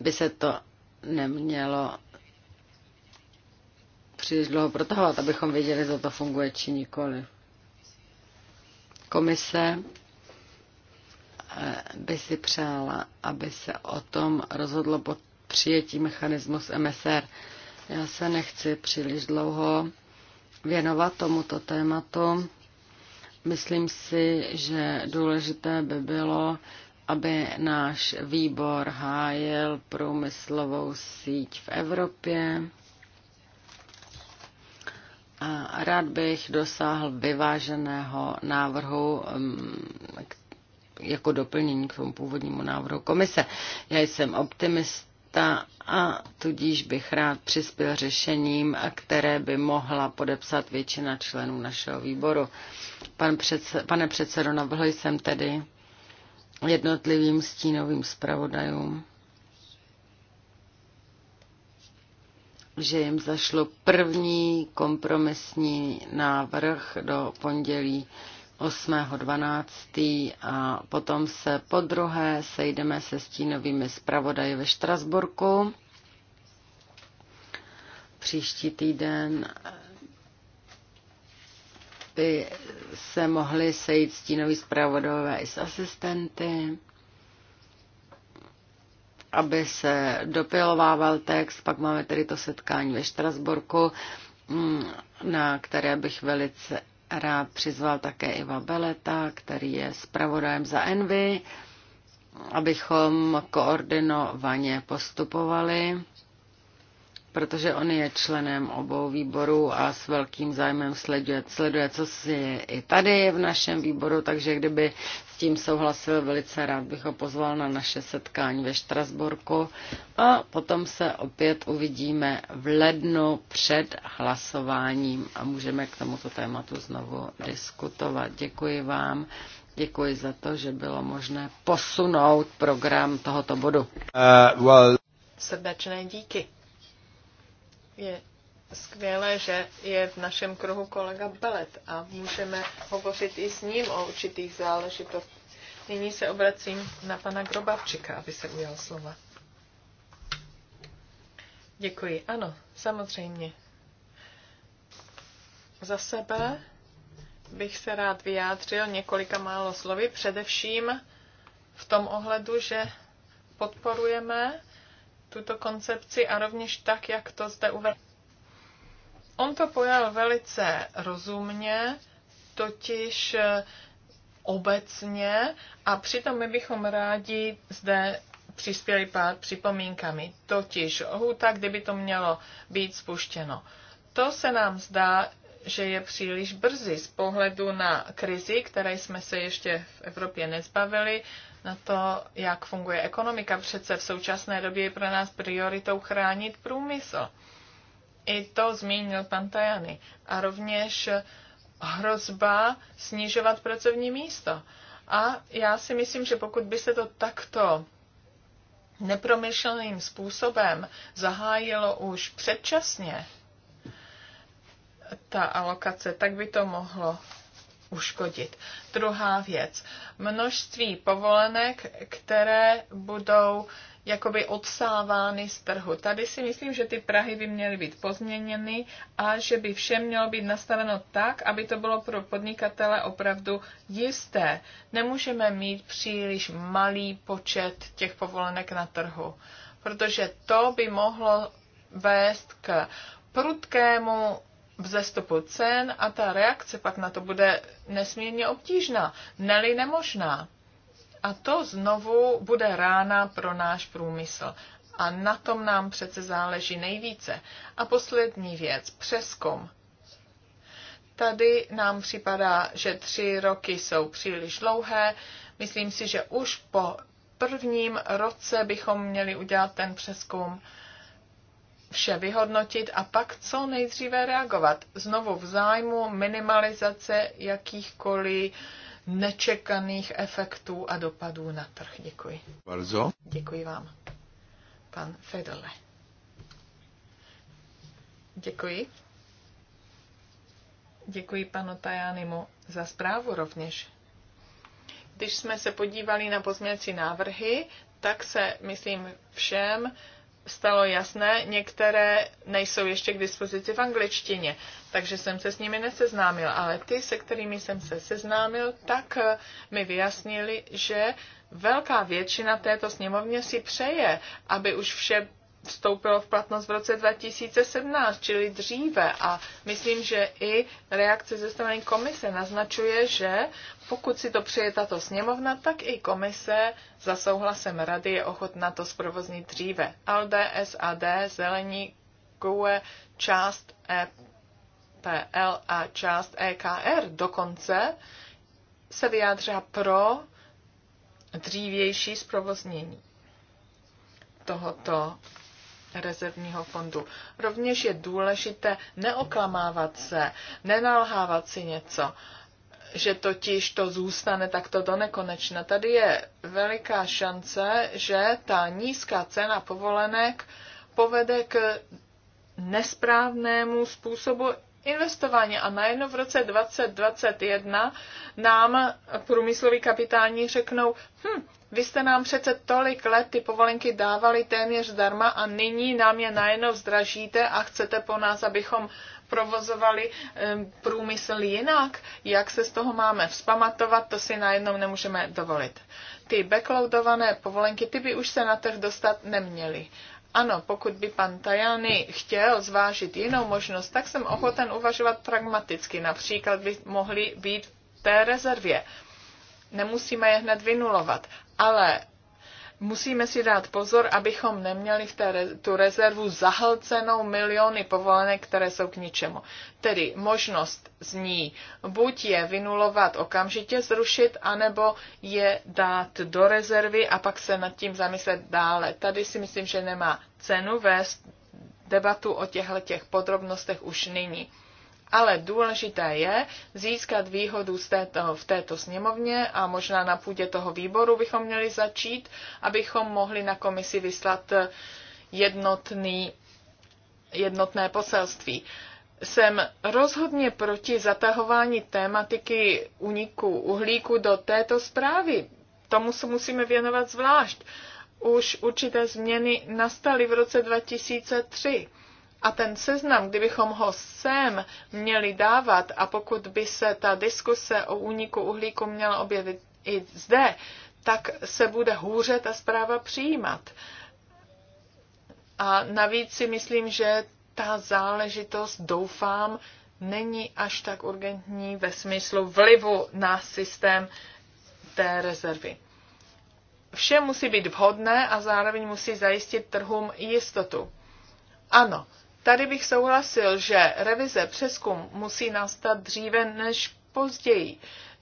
by se to nemělo příliš dlouho protahovat, abychom věděli, zda to funguje či nikoli. Komise eh, by si přála, aby se o tom rozhodlo pod přijetí mechanismus MSR. Já se nechci příliš dlouho věnovat tomuto tématu. Myslím si, že důležité by bylo, aby náš výbor hájil průmyslovou síť v Evropě rád bych dosáhl vyváženého návrhu um, jako doplnění k tomu původnímu návrhu komise. Já jsem optimista a tudíž bych rád přispěl řešením, které by mohla podepsat většina členů našeho výboru. Pan předse, pane předsedo, navrhl jsem tedy jednotlivým stínovým zpravodajům že jim zašlo první kompromisní návrh do pondělí 8.12. a potom se po druhé sejdeme se stínovými zpravodaji ve Štrasburku. Příští týden by se mohli sejít stínoví zpravodajové i s asistenty aby se dopilovával text, pak máme tedy to setkání ve Štrasburku, mm, na které bych velice rád přizval také Iva Beleta, který je zpravodajem za Envy, abychom koordinovaně postupovali protože on je členem obou výborů a s velkým zájmem sleduje, sleduje co si je i tady v našem výboru, takže kdyby s tím souhlasil, velice rád bych ho pozval na naše setkání ve Štrasburku a potom se opět uvidíme v lednu před hlasováním a můžeme k tomuto tématu znovu diskutovat. Děkuji vám. Děkuji za to, že bylo možné posunout program tohoto bodu. Uh, well... Srdečné díky. Je skvělé, že je v našem kruhu kolega Belet a můžeme hovořit i s ním o určitých záležitostech. Nyní se obracím na pana Grobavčika, aby se ujal slova. Děkuji. Ano, samozřejmě. Za sebe bych se rád vyjádřil několika málo slovy, především v tom ohledu, že podporujeme tuto koncepci a rovněž tak, jak to zde uvedl. On to pojal velice rozumně, totiž eh, obecně a přitom my bychom rádi zde přispěli pár připomínkami. Totiž lhůta, kdyby to mělo být spuštěno. To se nám zdá, že je příliš brzy z pohledu na krizi, které jsme se ještě v Evropě nezbavili, na to, jak funguje ekonomika. Přece v současné době je pro nás prioritou chránit průmysl. I to zmínil pan Tajany. A rovněž hrozba snižovat pracovní místo. A já si myslím, že pokud by se to takto nepromyšleným způsobem zahájilo už předčasně, ta alokace, tak by to mohlo uškodit. Druhá věc. Množství povolenek, které budou jakoby odsávány z trhu. Tady si myslím, že ty Prahy by měly být pozměněny a že by vše mělo být nastaveno tak, aby to bylo pro podnikatele opravdu jisté. Nemůžeme mít příliš malý počet těch povolenek na trhu, protože to by mohlo vést k prudkému vzestupu cen a ta reakce pak na to bude nesmírně obtížná, neli nemožná. A to znovu bude rána pro náš průmysl. A na tom nám přece záleží nejvíce. A poslední věc, přeskom. Tady nám připadá, že tři roky jsou příliš dlouhé. Myslím si, že už po prvním roce bychom měli udělat ten přeskum vše vyhodnotit a pak co nejdříve reagovat. Znovu v zájmu minimalizace jakýchkoliv nečekaných efektů a dopadů na trh. Děkuji. Bardzo. Děkuji vám. Pan Fedele. Děkuji. Děkuji panu Tajánimu za zprávu rovněž. Když jsme se podívali na pozměňovací návrhy, tak se, myslím, všem stalo jasné, některé nejsou ještě k dispozici v angličtině, takže jsem se s nimi neseznámil, ale ty, se kterými jsem se seznámil, tak eh, mi vyjasnili, že velká většina této sněmovně si přeje, aby už vše vstoupilo v platnost v roce 2017, čili dříve. A myslím, že i reakce ze strany komise naznačuje, že pokud si to přeje tato sněmovna, tak i komise za souhlasem rady je ochotná to zprovoznit dříve. ALDE, SAD, Zelení, GUE, část EPL a část EKR dokonce se vyjádřila pro dřívější zprovoznění tohoto rezervního fondu. Rovněž je důležité neoklamávat se, nenalhávat si něco, že totiž to zůstane takto do nekonečna. Tady je veliká šance, že ta nízká cena povolenek povede k nesprávnému způsobu investování. A najednou v roce 2021 nám průmysloví kapitáni řeknou, hm, vy jste nám přece tolik let ty povolenky dávali téměř zdarma a nyní nám je najednou zdražíte a chcete po nás, abychom provozovali průmysl jinak. Jak se z toho máme vzpamatovat, to si najednou nemůžeme dovolit. Ty backloadované povolenky, ty by už se na trh dostat neměly. Ano, pokud by pan Tajani chtěl zvážit jinou možnost, tak jsem ochoten uvažovat pragmaticky. Například by mohli být v té rezervě. Nemusíme je hned vynulovat, ale musíme si dát pozor, abychom neměli v té, tu rezervu zahlcenou miliony povolenek, které jsou k ničemu. Tedy možnost zní buď je vynulovat okamžitě, zrušit, anebo je dát do rezervy a pak se nad tím zamyslet dále. Tady si myslím, že nemá cenu vést debatu o těchto těch podrobnostech už nyní. Ale důležité je získat výhodu z této, v této sněmovně a možná na půdě toho výboru bychom měli začít, abychom mohli na komisi vyslat jednotný, jednotné poselství. Jsem rozhodně proti zatahování tématiky uniku uhlíku do této zprávy. Tomu se musíme věnovat zvlášť. Už určité změny nastaly v roce 2003 a ten seznam, kdybychom ho sem měli dávat a pokud by se ta diskuse o úniku uhlíku měla objevit i zde, tak se bude hůře ta zpráva přijímat. A navíc si myslím, že ta záležitost, doufám, není až tak urgentní ve smyslu vlivu na systém té rezervy. Vše musí být vhodné a zároveň musí zajistit trhům jistotu. Ano, Tady bych souhlasil, že revize přeskum musí nastat dříve než později,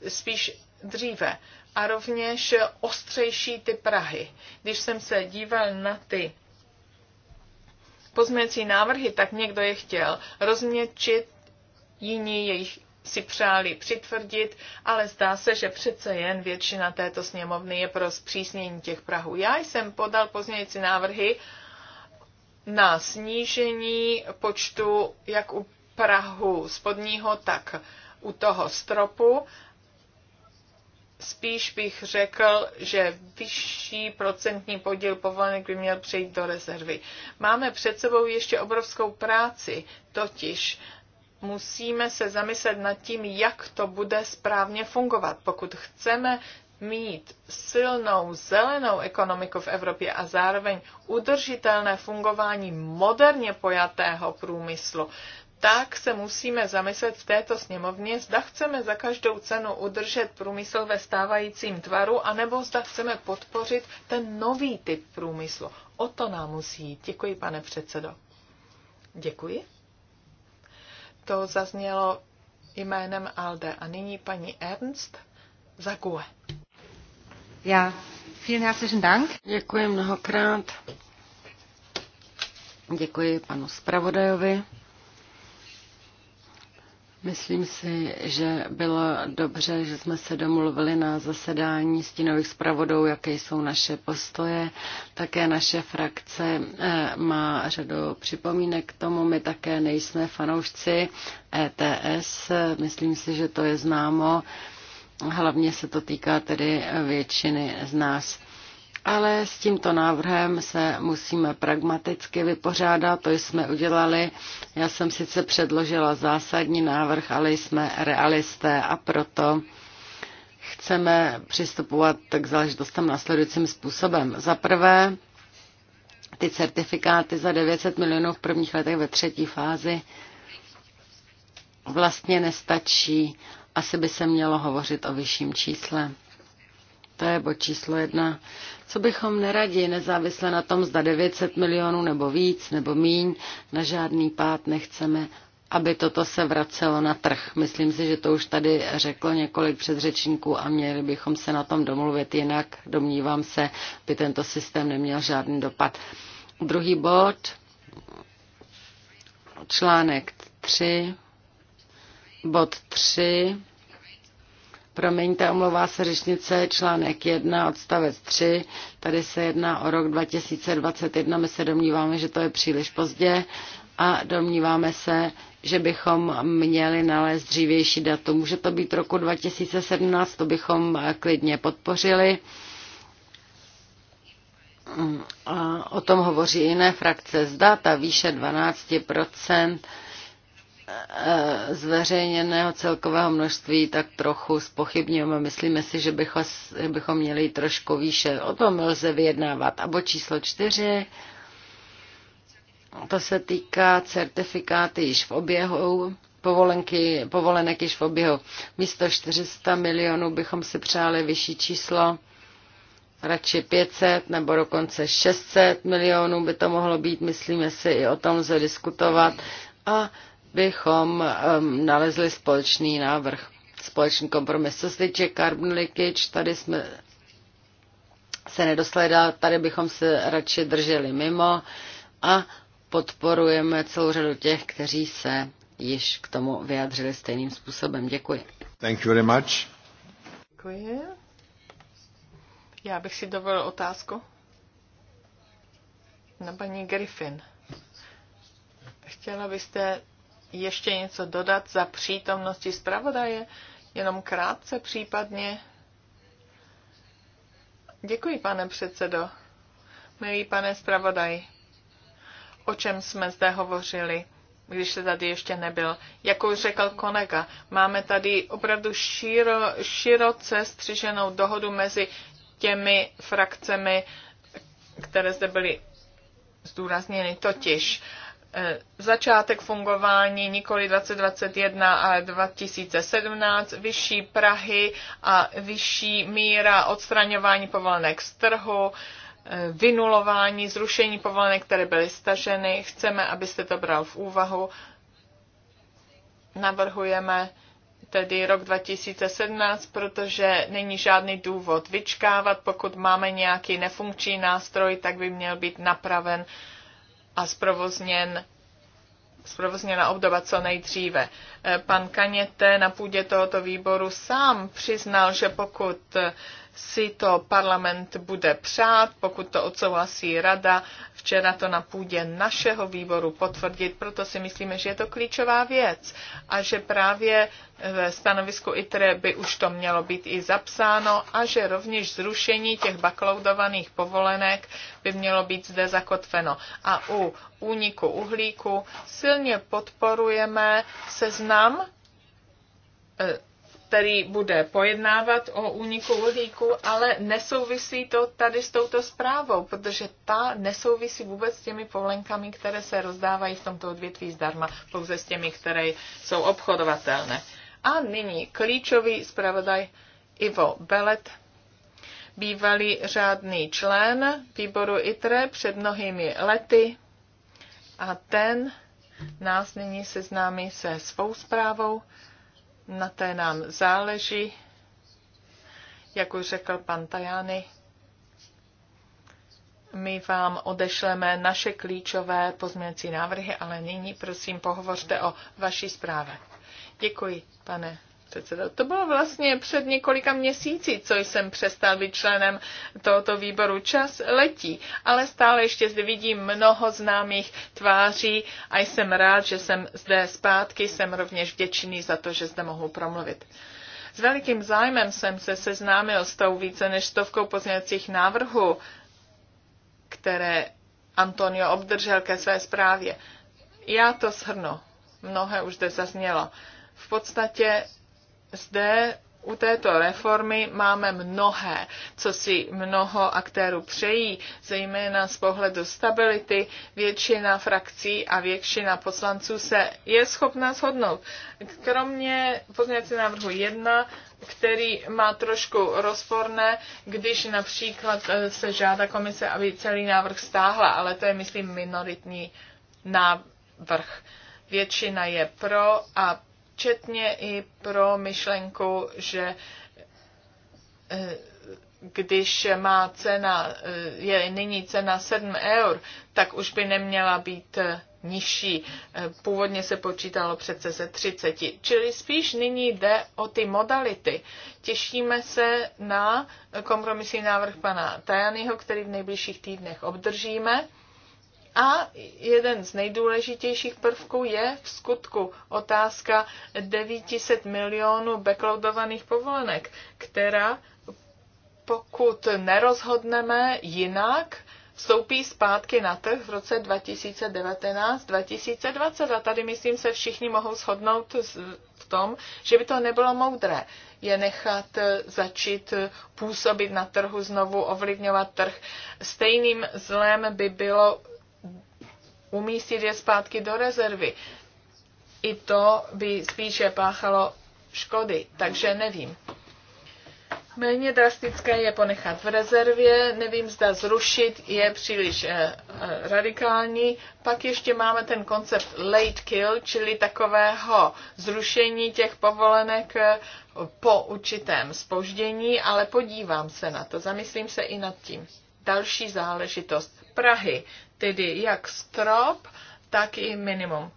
spíš dříve. A rovněž ostřejší ty Prahy. Když jsem se díval na ty pozměnící návrhy, tak někdo je chtěl rozměčit, jiní jejich si přáli přitvrdit, ale zdá se, že přece jen většina této sněmovny je pro zpřísnění těch Prahů. Já jsem podal pozměnící návrhy, na snížení počtu jak u Prahu spodního, tak u toho stropu. Spíš bych řekl, že vyšší procentní podíl povolenek by měl přejít do rezervy. Máme před sebou ještě obrovskou práci, totiž musíme se zamyslet nad tím, jak to bude správně fungovat. Pokud chceme mít silnou zelenou ekonomiku v Evropě a zároveň udržitelné fungování moderně pojatého průmyslu, tak se musíme zamyslet v této sněmovně, zda chceme za každou cenu udržet průmysl ve stávajícím tvaru, anebo zda chceme podpořit ten nový typ průmyslu. O to nám musí jít. Děkuji, pane předsedo. Děkuji. To zaznělo jménem Alde. A nyní paní Ernst Zague. Ja, vielen herzlichen Dank. Děkuji mnohokrát. Děkuji panu zpravodajovi. Myslím si, že bylo dobře, že jsme se domluvili na zasedání stínových zpravodů, jaké jsou naše postoje. Také naše frakce eh, má řadu připomínek k tomu. My také nejsme fanoušci ETS. Myslím si, že to je známo. Hlavně se to týká tedy většiny z nás. Ale s tímto návrhem se musíme pragmaticky vypořádat, to jsme udělali. Já jsem sice předložila zásadní návrh, ale jsme realisté a proto chceme přistupovat k záležitostem následujícím způsobem. Za prvé, ty certifikáty za 900 milionů v prvních letech ve třetí fázi vlastně nestačí asi by se mělo hovořit o vyšším čísle. To je bod číslo jedna. Co bychom neradi, nezávisle na tom, zda 900 milionů nebo víc nebo míň, na žádný pád nechceme, aby toto se vracelo na trh. Myslím si, že to už tady řeklo několik předřečníků a měli bychom se na tom domluvit jinak. Domnívám se, by tento systém neměl žádný dopad. Druhý bod, článek 3, Bod 3. Promiňte, omlouvá se řečnice článek 1, odstavec 3. Tady se jedná o rok 2021. My se domníváme, že to je příliš pozdě a domníváme se, že bychom měli nalézt dřívější datum. Může to být roku 2017, to bychom klidně podpořili. A o tom hovoří jiné frakce. Zda ta výše 12 Eh, zveřejněného celkového množství tak trochu spochybňujeme. Myslíme si, že bychom, bychom měli trošku výše. O tom lze vyjednávat. A bod číslo čtyři, to se týká certifikáty již v oběhu, povolenky, povolenek již v oběhu. Místo 400 milionů bychom si přáli vyšší číslo, radši 500 nebo dokonce 600 milionů by to mohlo být. Myslíme si, i o tom lze diskutovat. A bychom um, nalezli společný návrh, společný kompromis. Co se týče carbon leakage, tady jsme se nedostali dál, tady bychom se radši drželi mimo a podporujeme celou řadu těch, kteří se již k tomu vyjádřili stejným způsobem. Děkuji. Thank you very much. Děkuji. Já bych si dovolil otázku na paní Griffin. Chtěla byste ještě něco dodat za přítomnosti zpravodaje? Jenom krátce případně. Děkuji, pane předsedo. Milý pane zpravodaj, o čem jsme zde hovořili, když se tady ještě nebyl. Jak už řekl kolega, máme tady opravdu širo, široce střiženou dohodu mezi těmi frakcemi, které zde byly zdůrazněny. Totiž uh, Eh, začátek fungování nikoli 2021, ale 2017, vyšší Prahy a vyšší míra odstraňování povolenek z trhu, eh, vynulování, zrušení povolenek, které byly staženy. Chceme, abyste to bral v úvahu. Navrhujeme tedy rok 2017, protože není žádný důvod vyčkávat. Pokud máme nějaký nefunkční nástroj, tak by měl být napraven a zprovozněn zprovozněna obdoba co nejdříve. Eh, pan Kaněte na půdě tohoto výboru sám přiznal, že pokud si to parlament bude přát, pokud to odsouhlasí rada. Včera to na půdě našeho výboru potvrdit, proto si myslíme, že je to klíčová věc a že právě v stanovisku ITRE by už to mělo být i zapsáno a že rovněž zrušení těch bakloudovaných povolenek by mělo být zde zakotveno. A u úniku uhlíku silně podporujeme seznam eh, který bude pojednávat o úniku uhlíku, ale nesouvisí to tady s touto zprávou, protože ta nesouvisí vůbec s těmi povolenkami, které se rozdávají v tomto odvětví zdarma, pouze s těmi, které jsou obchodovatelné. A nyní klíčový zpravodaj Ivo Belet, bývalý řádný člen výboru ITRE před mnohými lety a ten nás nyní seznámí se svou zprávou na té nám záleží. Jak už řekl pan Tajany, my vám odešleme naše klíčové pozměnící návrhy, ale nyní prosím pohovořte o vaší zprávě. Děkuji, pane předsedal. To bylo vlastně před několika měsíci, co jsem přestal být členem tohoto výboru. Čas letí, ale stále ještě zde vidím mnoho známých tváří a jsem rád, že jsem zde zpátky. Jsem rovněž vděčný za to, že zde mohu promluvit. S velikým zájmem jsem se seznámil s tou více než stovkou pozměňovacích návrhů, které Antonio obdržel ke své zprávě. Já to shrnu. Mnohé už zde zaznělo. V podstatě zde u této reformy máme mnohé, co si mnoho aktérů přejí, zejména z pohledu stability. Většina frakcí a většina poslanců se je schopna shodnout. Kromě pozměňovacího návrhu 1, který má trošku rozporné, když například eh, se žádá komise, aby celý návrh stáhla, ale to je, myslím, minoritní návrh. Většina je pro a včetně i pro myšlenku, že eh, když má cena, eh, je nyní cena 7 eur, tak už by neměla být eh, nižší. Původně se počítalo přece ze 30. Čili spíš nyní jde o ty modality. Těšíme se na kompromisní návrh pana Tajanyho, který v nejbližších týdnech obdržíme a jeden z nejdůležitějších prvků je v skutku otázka 900 milionů backloadovaných povolenek, která pokud nerozhodneme jinak, vstoupí zpátky na trh v roce 2019-2020. A tady, myslím, se všichni mohou shodnout v tom, že by to nebylo moudré je nechat eh, začít eh, působit na trhu znovu, ovlivňovat trh. Stejným zlem by bylo umístit je zpátky do rezervy. I to by spíše páchalo škody, takže nevím. Méně drastické je ponechat v rezervě, nevím, zda zrušit je příliš eh, eh radikální. Pak ještě máme ten koncept late kill, čili takového zrušení těch povolenek eh, po určitém spoždění, ale podívám se na to, zamyslím se i nad tím. Další záležitost Prahy tedy jak strop, tak i minimum.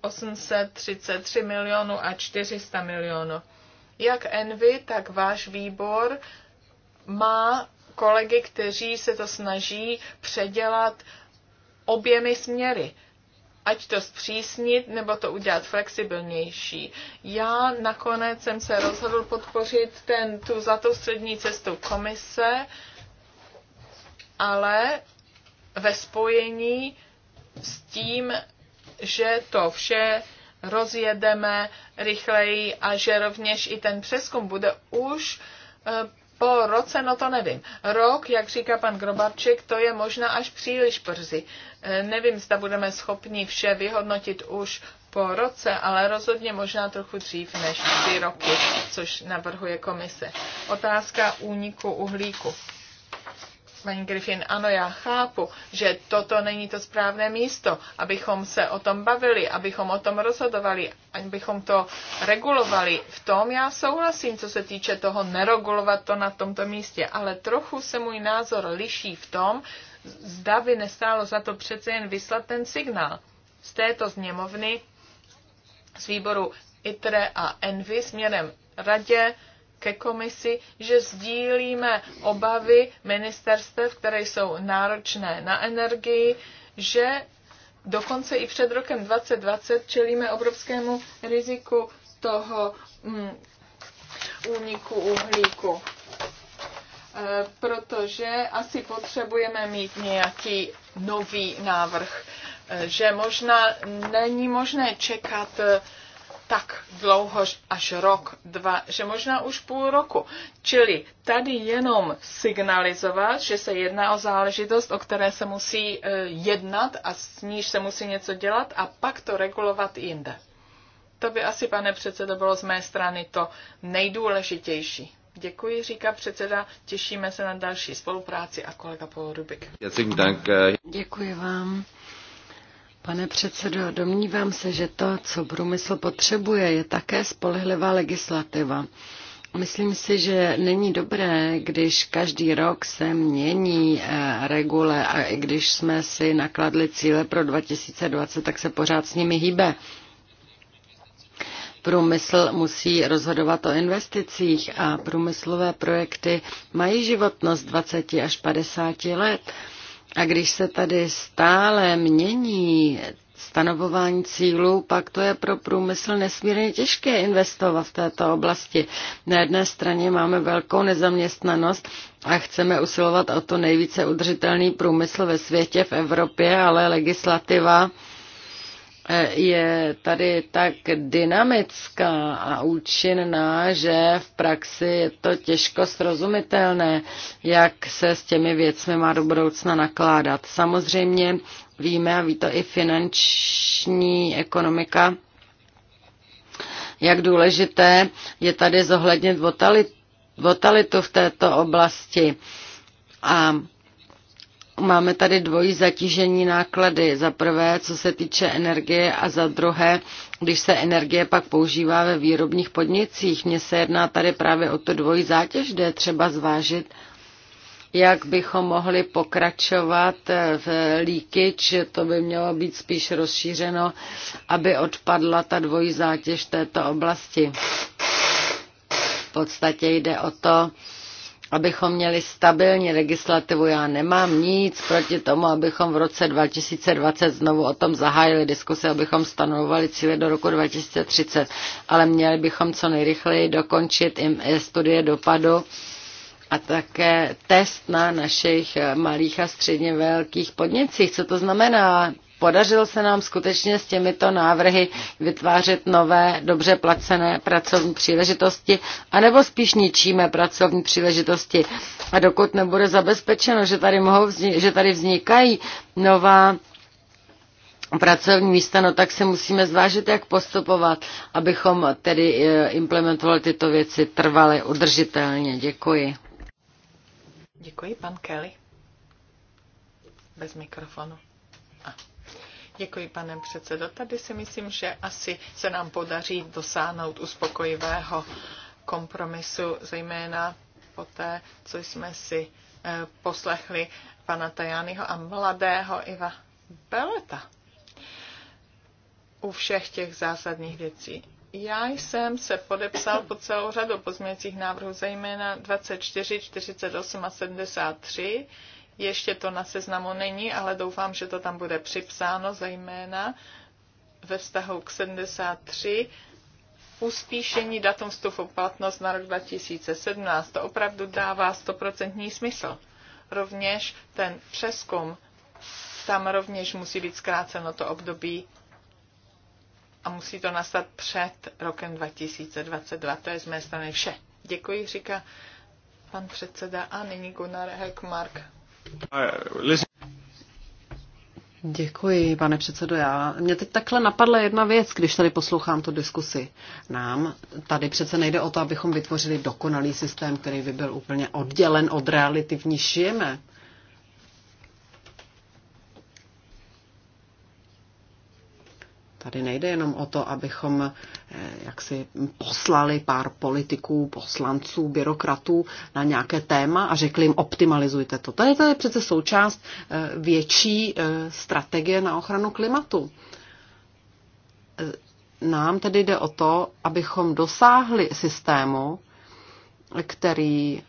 833 milionů a 400 milionů. Jak Envy, tak váš výbor má kolegy, kteří se to snaží předělat oběmi směry. Ať to zpřísnit, nebo to udělat flexibilnější. Já nakonec jsem se rozhodl podpořit ten, tu zlatou střední cestu komise, ale ve spojení s tím, že to vše rozjedeme rychleji a že rovněž i ten přeskum bude už eh, po roce, no to nevím. Rok, jak říká pan Grobarček, to je možná až příliš brzy. Eh, nevím, zda budeme schopni vše vyhodnotit už po roce, ale rozhodně možná trochu dřív než tři roky, což navrhuje komise. Otázka úniku uhlíku. Paní Griffin, ano, já chápu, že toto není to správné místo, abychom se o tom bavili, abychom o tom rozhodovali, abychom to regulovali. V tom já souhlasím, co se týče toho neregulovat to na tomto místě, ale trochu se můj názor liší v tom, zda by nestálo za to přece jen vyslat ten signál z této zněmovny, z výboru ITRE a ENVY směrem radě, ke komisi, že sdílíme obavy ministerstev, které jsou náročné na energii, že dokonce i před rokem 2020 čelíme obrovskému riziku toho mm, úniku uhlíku. E, protože asi potřebujeme mít nějaký nový návrh, e, že možná není možné čekat e, tak dlouho až rok, dva, že možná už půl roku. Čili tady jenom signalizovat, že se jedná o záležitost, o které se musí e, jednat a s níž se musí něco dělat a pak to regulovat jinde. To by asi, pane předsedo, bylo z mé strany to nejdůležitější. Děkuji, říká předseda. Těšíme se na další spolupráci a kolega Polorubik. Eh, Děkuji vám. Pane předsedo, domnívám se, že to, co průmysl potřebuje, je také spolehlivá legislativa. Myslím si, že není dobré, když každý rok se mění eh, regule a i když jsme si nakladli cíle pro 2020, tak se pořád s nimi hýbe. Průmysl musí rozhodovat o investicích a průmyslové projekty mají životnost 20 až 50 let a když se tady stále mění stanovování cílů, pak to je pro průmysl nesmírně těžké investovat v této oblasti. Na jedné straně máme velkou nezaměstnanost a chceme usilovat o to nejvíce udržitelný průmysl ve světě, v Evropě, ale legislativa je tady tak dynamická a účinná, že v praxi je to těžko srozumitelné, jak se s těmi věcmi má do budoucna nakládat. Samozřejmě víme, a ví to i finanční ekonomika, jak důležité je tady zohlednit votalitu v této oblasti. A Máme tady dvojí zatížení náklady. Za prvé, co se týče energie a za druhé, když se energie pak používá ve výrobních podnicích. Mně se jedná tady právě o to dvojí zátěž, kde je třeba zvážit, jak bychom mohli pokračovat v leakage, to by mělo být spíš rozšířeno, aby odpadla ta dvojí zátěž této oblasti. V podstatě jde o to, abychom měli stabilní legislativu. Já nemám nic proti tomu, abychom v roce 2020 znovu o tom zahájili diskusi, abychom stanovovali cíle do roku 2030, ale měli bychom co nejrychleji dokončit studie dopadu a také test na našich malých a středně velkých podnicích. Co to znamená Podařilo se nám skutečně s těmito návrhy vytvářet nové, dobře placené pracovní příležitosti, anebo spíš ničíme pracovní příležitosti. A dokud nebude zabezpečeno, že tady, mohou vznik, že tady vznikají nová pracovní místa, no tak se musíme zvážit, jak postupovat, abychom tedy e, implementovali tyto věci trvale, udržitelně. Děkuji. Děkuji, pan Kelly. Bez mikrofonu. Děkuji, pane předsedo. Tady si myslím, že asi se nám podaří dosáhnout uspokojivého kompromisu, zejména po té, co jsme si eh, poslechli pana Tajányho a mladého Iva Beleta u všech těch zásadních věcí. Já jsem se podepsal po celou řadu pozměňovacích návrhů, zejména 24, 48 a 73, ještě to na seznamu není, ale doufám, že to tam bude připsáno, zejména ve vztahu k 73. Uspíšení datum vstupu platnost na rok 2017. To opravdu dává stoprocentní smysl. Rovněž ten přeskum, tam rovněž musí být zkráceno to období a musí to nastat před rokem 2022. To je z mé strany vše. Děkuji, říká pan předseda a nyní Gunnar Helkmark. Děkuji, pane předsedo. Já, mě teď takhle napadla jedna věc, když tady poslouchám tu diskusi. Nám tady přece nejde o to, abychom vytvořili dokonalý systém, který by byl úplně oddělen od reality, v níž žijeme. Tady nejde jenom o to, abychom eh, jaksi poslali pár politiků, poslanců, byrokratů na nějaké téma a řekli jim optimalizujte to. Tady to je přece součást eh, větší eh, strategie na ochranu klimatu. Nám tedy jde o to, abychom dosáhli systému, který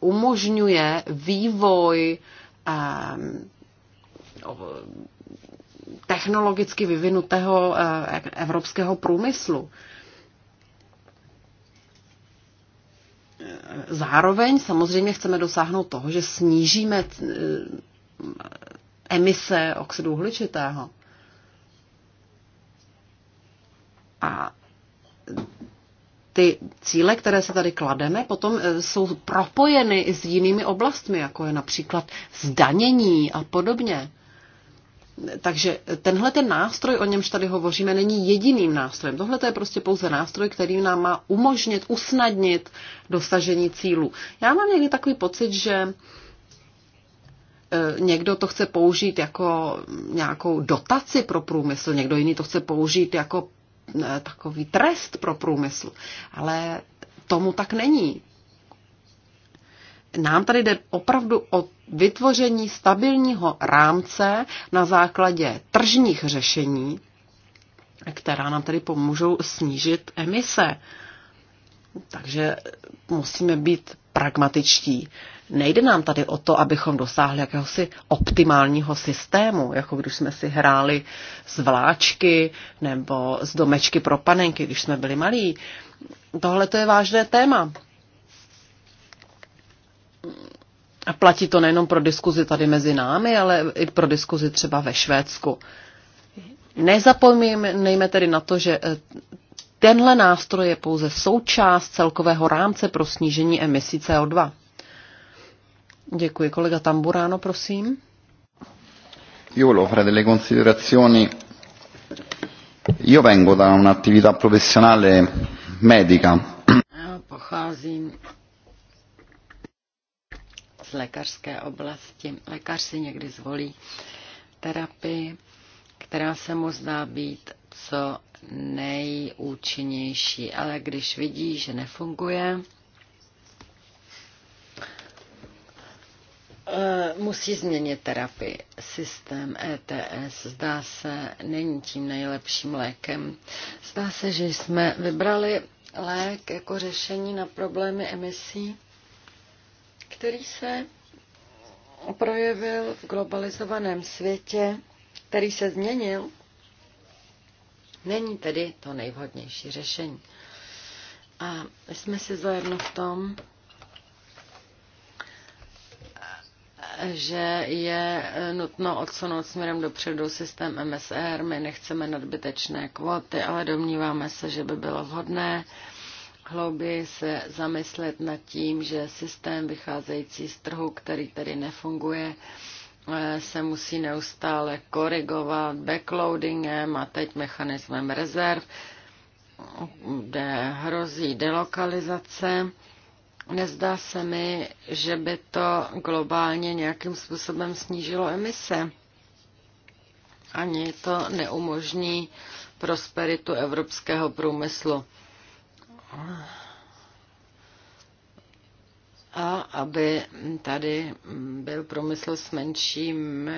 umožňuje vývoj technologicky vyvinutého eh, evropského průmyslu. Eh, zároveň samozřejmě chceme dosáhnout toho, že snížíme eh, emise oxidu uhličitého. A ty cíle, které se tady klademe, potom jsou propojeny i s jinými oblastmi, jako je například zdanění a podobně. Takže tenhle ten nástroj, o němž tady hovoříme, není jediným nástrojem. Tohle je prostě pouze nástroj, který nám má umožnit, usnadnit dosažení cílu. Já mám někdy takový pocit, že e, někdo to chce použít jako nějakou dotaci pro průmysl, někdo jiný to chce použít jako e, takový trest pro průmysl. Ale tomu tak není nám tady jde opravdu o vytvoření stabilního rámce na základě tržních řešení, která nám tady pomůžou snížit emise. Takže musíme být pragmatičtí. Nejde nám tady o to, abychom dosáhli jakéhosi optimálního systému, jako když jsme si hráli z vláčky nebo z domečky pro panenky, když jsme byli malí. Tohle to je vážné téma. A platí to nejenom pro diskuzi tady mezi námi, ale i pro diskuzi třeba ve Švédsku. Nezapomínejme tedy na to, že eh, tenhle nástroj je pouze součást celkového rámce pro snížení emisí CO2. Děkuji. Kolega Tamburáno, prosím. Io volevo fare delle considerazioni. Io vengo da un'attività professionale medica. Pocházím lékařské oblasti. Lékař si někdy zvolí terapii, která se mu zdá být co nejúčinnější, ale když vidí, že nefunguje, eh, musí změnit terapii. Systém ETS zdá se není tím nejlepším lékem. Zdá se, že jsme vybrali lék jako řešení na problémy emisí, který se projevil v globalizovaném světě, který se změnil, není tedy to nejvhodnější řešení. A jsme si zajedno v tom, že je nutno odsunout směrem dopředu systém MSR. My nechceme nadbytečné kvóty, ale domníváme se, že by bylo vhodné hlouběji se zamyslet nad tím, že systém vycházející z trhu, který tedy nefunguje, eh, se musí neustále korigovat backloadingem a teď mechanismem rezerv, kde hrozí delokalizace. Nezdá se mi, že by to globálně nějakým způsobem snížilo emise. Ani to neumožní prosperitu evropského průmyslu a aby tady byl promysl s menším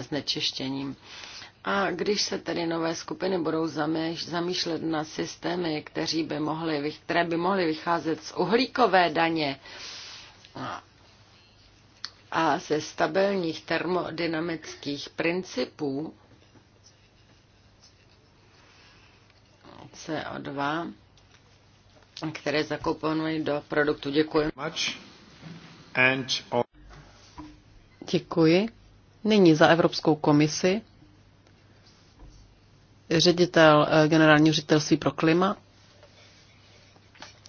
znečištěním. A když se tedy nové skupiny budou zamýšlet na systémy, kteří by mohly, které by mohly vycházet z uhlíkové daně a ze stabilních termodynamických principů CO2, které zakoupovaly do produktu. Děkuji. Děkuji. Nyní za Evropskou komisi ředitel eh, generálního ředitelství pro klima,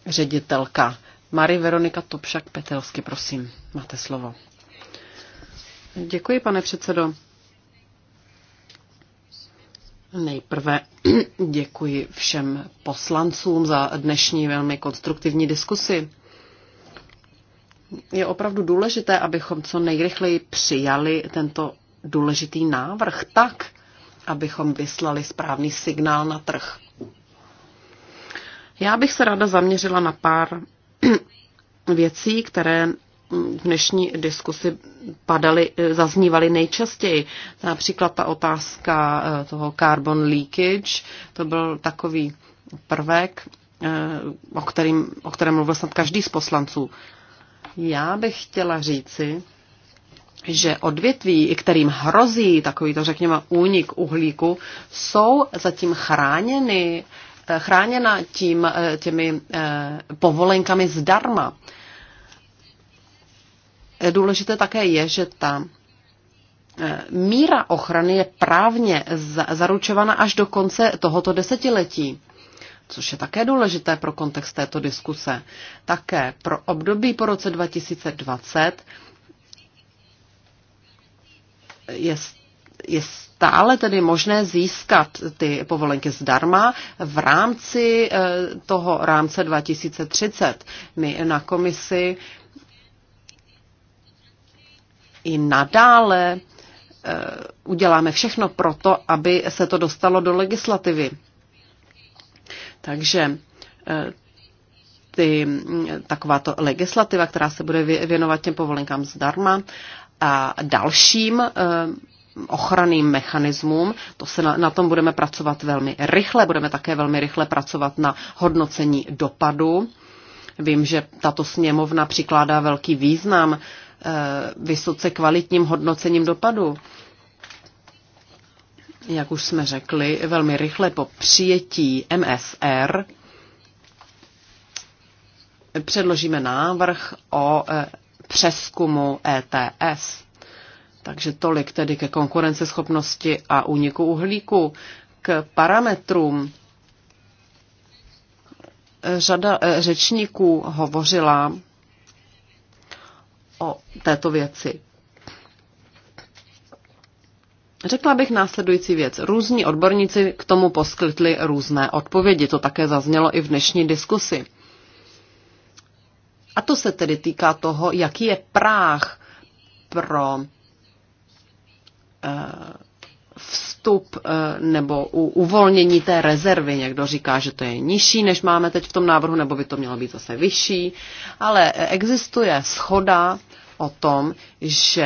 ředitelka Marie Veronika Topšak-Petelsky, prosím, máte slovo. Děkuji, pane předsedo. Nejprve děkuji všem poslancům za dnešní velmi konstruktivní diskusi. Je opravdu důležité, abychom co nejrychleji přijali tento důležitý návrh tak, abychom vyslali správný signál na trh. Já bych se ráda zaměřila na pár věcí, které dnešní diskusi padaly, zaznívaly nejčastěji. Například ta otázka eh, toho carbon leakage, to byl takový prvek, eh, o, kterým, o kterém mluvil snad každý z poslanců. Já bych chtěla říci, že odvětví, kterým hrozí takový to řekněme, únik uhlíku, jsou zatím chráněny, eh, chráněna tím, těmi povolenkami zdarma důležité také je, že ta eh, míra ochrany je právně zaručována až do konce tohoto desetiletí což je také důležité pro kontext této diskuse. Také pro období po roce 2020 je, je stále tedy možné získat ty povolenky zdarma v rámci eh, toho rámce 2030. My na komisi i nadále eh, uděláme všechno proto, aby se to dostalo do legislativy. Takže eh, ty, takováto legislativa, která se bude věnovat těm povolenkám zdarma a dalším eh, ochranným mechanismům. To se na, na tom budeme pracovat velmi rychle. Budeme také velmi rychle pracovat na hodnocení dopadu. Vím, že tato sněmovna přikládá velký význam Eh, vysoce kvalitním hodnocením dopadu. Jak už jsme řekli, velmi rychle po přijetí MSR předložíme návrh o eh, přeskumu ETS. Takže tolik tedy ke konkurenceschopnosti a úniku uhlíku, k parametrům. Eh, řada řečníků hovořila o této věci. Řekla bych následující věc. Různí odborníci k tomu poskytli různé odpovědi. To také zaznělo i v dnešní diskusi. A to se tedy týká toho, jaký je práh pro eh, vstup eh, nebo u uvolnění té rezervy. Někdo říká, že to je nižší, než máme teď v tom návrhu, nebo by to mělo být zase vyšší, ale existuje schoda o tom, že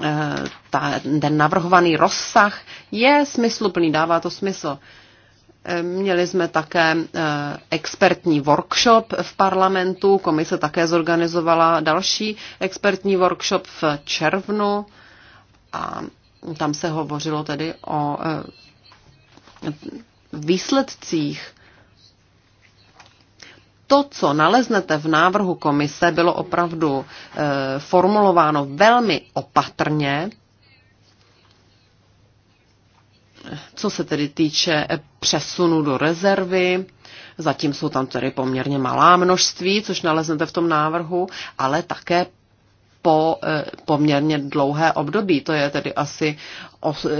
eh, ta, ten navrhovaný rozsah je smysluplný, dává to smysl. Eh, měli jsme také eh, expertní workshop v parlamentu, komise také zorganizovala další expertní workshop v červnu a tam se hovořilo tedy o výsledcích to, co naleznete v návrhu komise, bylo opravdu e, formulováno velmi opatrně, co se tedy týče eh, přesunu do rezervy. Zatím jsou tam tedy poměrně malá množství, což naleznete v tom návrhu, ale také po eh, poměrně dlouhé období. To je tedy asi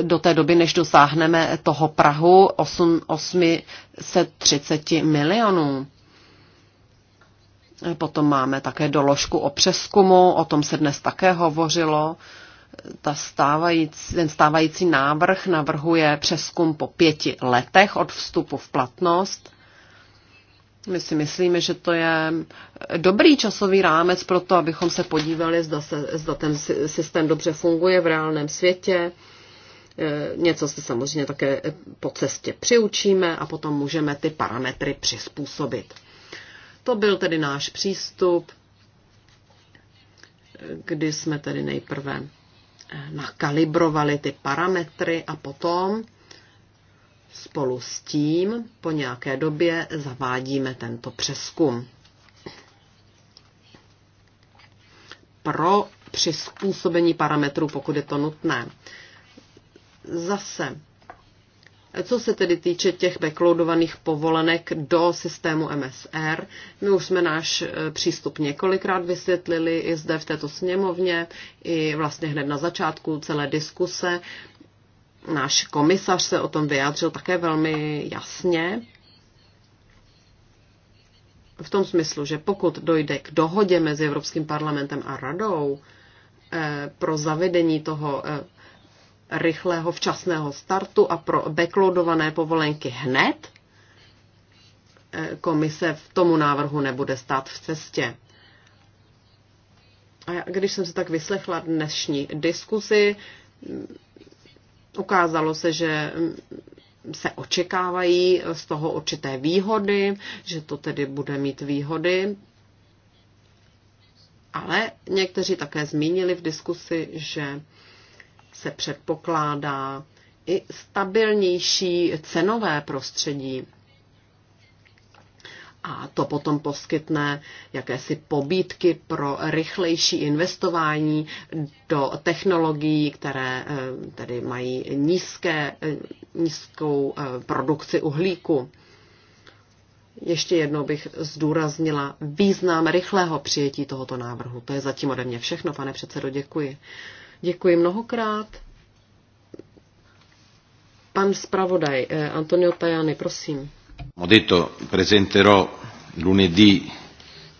do té doby, než dosáhneme toho Prahu 8, 830 milionů. Potom máme také doložku o přeskumu, o tom se dnes také hovořilo. Ta stávající, ten stávající návrh navrhuje přeskum po pěti letech od vstupu v platnost. My si myslíme, že to je dobrý časový rámec pro to, abychom se podívali, zda, se, zda ten systém dobře funguje v reálném světě. E, něco se samozřejmě také po cestě přiučíme a potom můžeme ty parametry přizpůsobit. To byl tedy náš přístup, kdy jsme tedy nejprve eh, nakalibrovali ty parametry a potom spolu s tím po nějaké době zavádíme tento přeskum. Pro přizpůsobení parametrů, pokud je to nutné. Zase co se tedy týče těch backloadovaných povolenek do systému MSR, my už jsme náš e, přístup několikrát vysvětlili i zde v této sněmovně, i vlastně hned na začátku celé diskuse. Náš komisař se o tom vyjádřil také velmi jasně. V tom smyslu, že pokud dojde k dohodě mezi Evropským parlamentem a radou e, pro zavedení toho e, rychlého včasného startu a pro backloadované povolenky hned, eh, komise v tomu návrhu nebude stát v cestě. A když jsem se tak vyslechla dnešní diskuzi, mm, ukázalo se, že mm, se očekávají z toho určité výhody, že to tedy bude mít výhody. Ale někteří také zmínili v diskusi, že se předpokládá i stabilnější cenové prostředí. A to potom poskytne jakési pobídky pro rychlejší investování do technologií, které eh, tedy mají nízké, eh, nízkou eh, produkci uhlíku. Ještě jednou bych zdůraznila význam rychlého přijetí tohoto návrhu. To je zatím ode mě všechno, pane předsedo, děkuji. Děkuji mnohokrát. Pan zpravodaj eh, Antonio Tajani, prosím. Ho detto, presenterò lunedì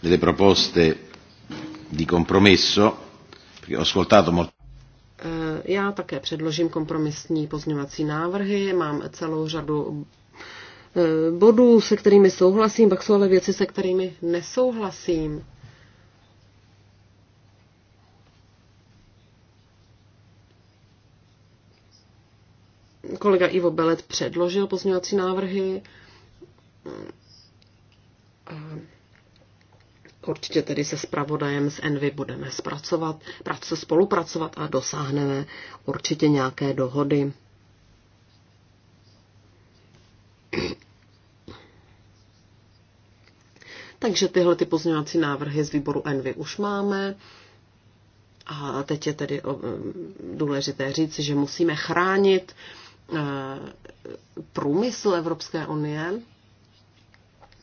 delle proposte di compromesso, perché ho ascoltato molto. Eh, já také předložím kompromisní pozměňovací návrhy, mám celou řadu eh, bodů, se kterými souhlasím, pak jsou ale věci, se kterými nesouhlasím. Kolega Ivo Belet předložil pozměňovací návrhy. Určitě tedy se spravodajem z Envy budeme zpracovat, práce spolupracovat a dosáhneme určitě nějaké dohody. Takže tyhle ty pozměňovací návrhy z výboru Envy už máme. A teď je tedy eh, důležité říci, že musíme chránit Eh, průmysl Evropské unie,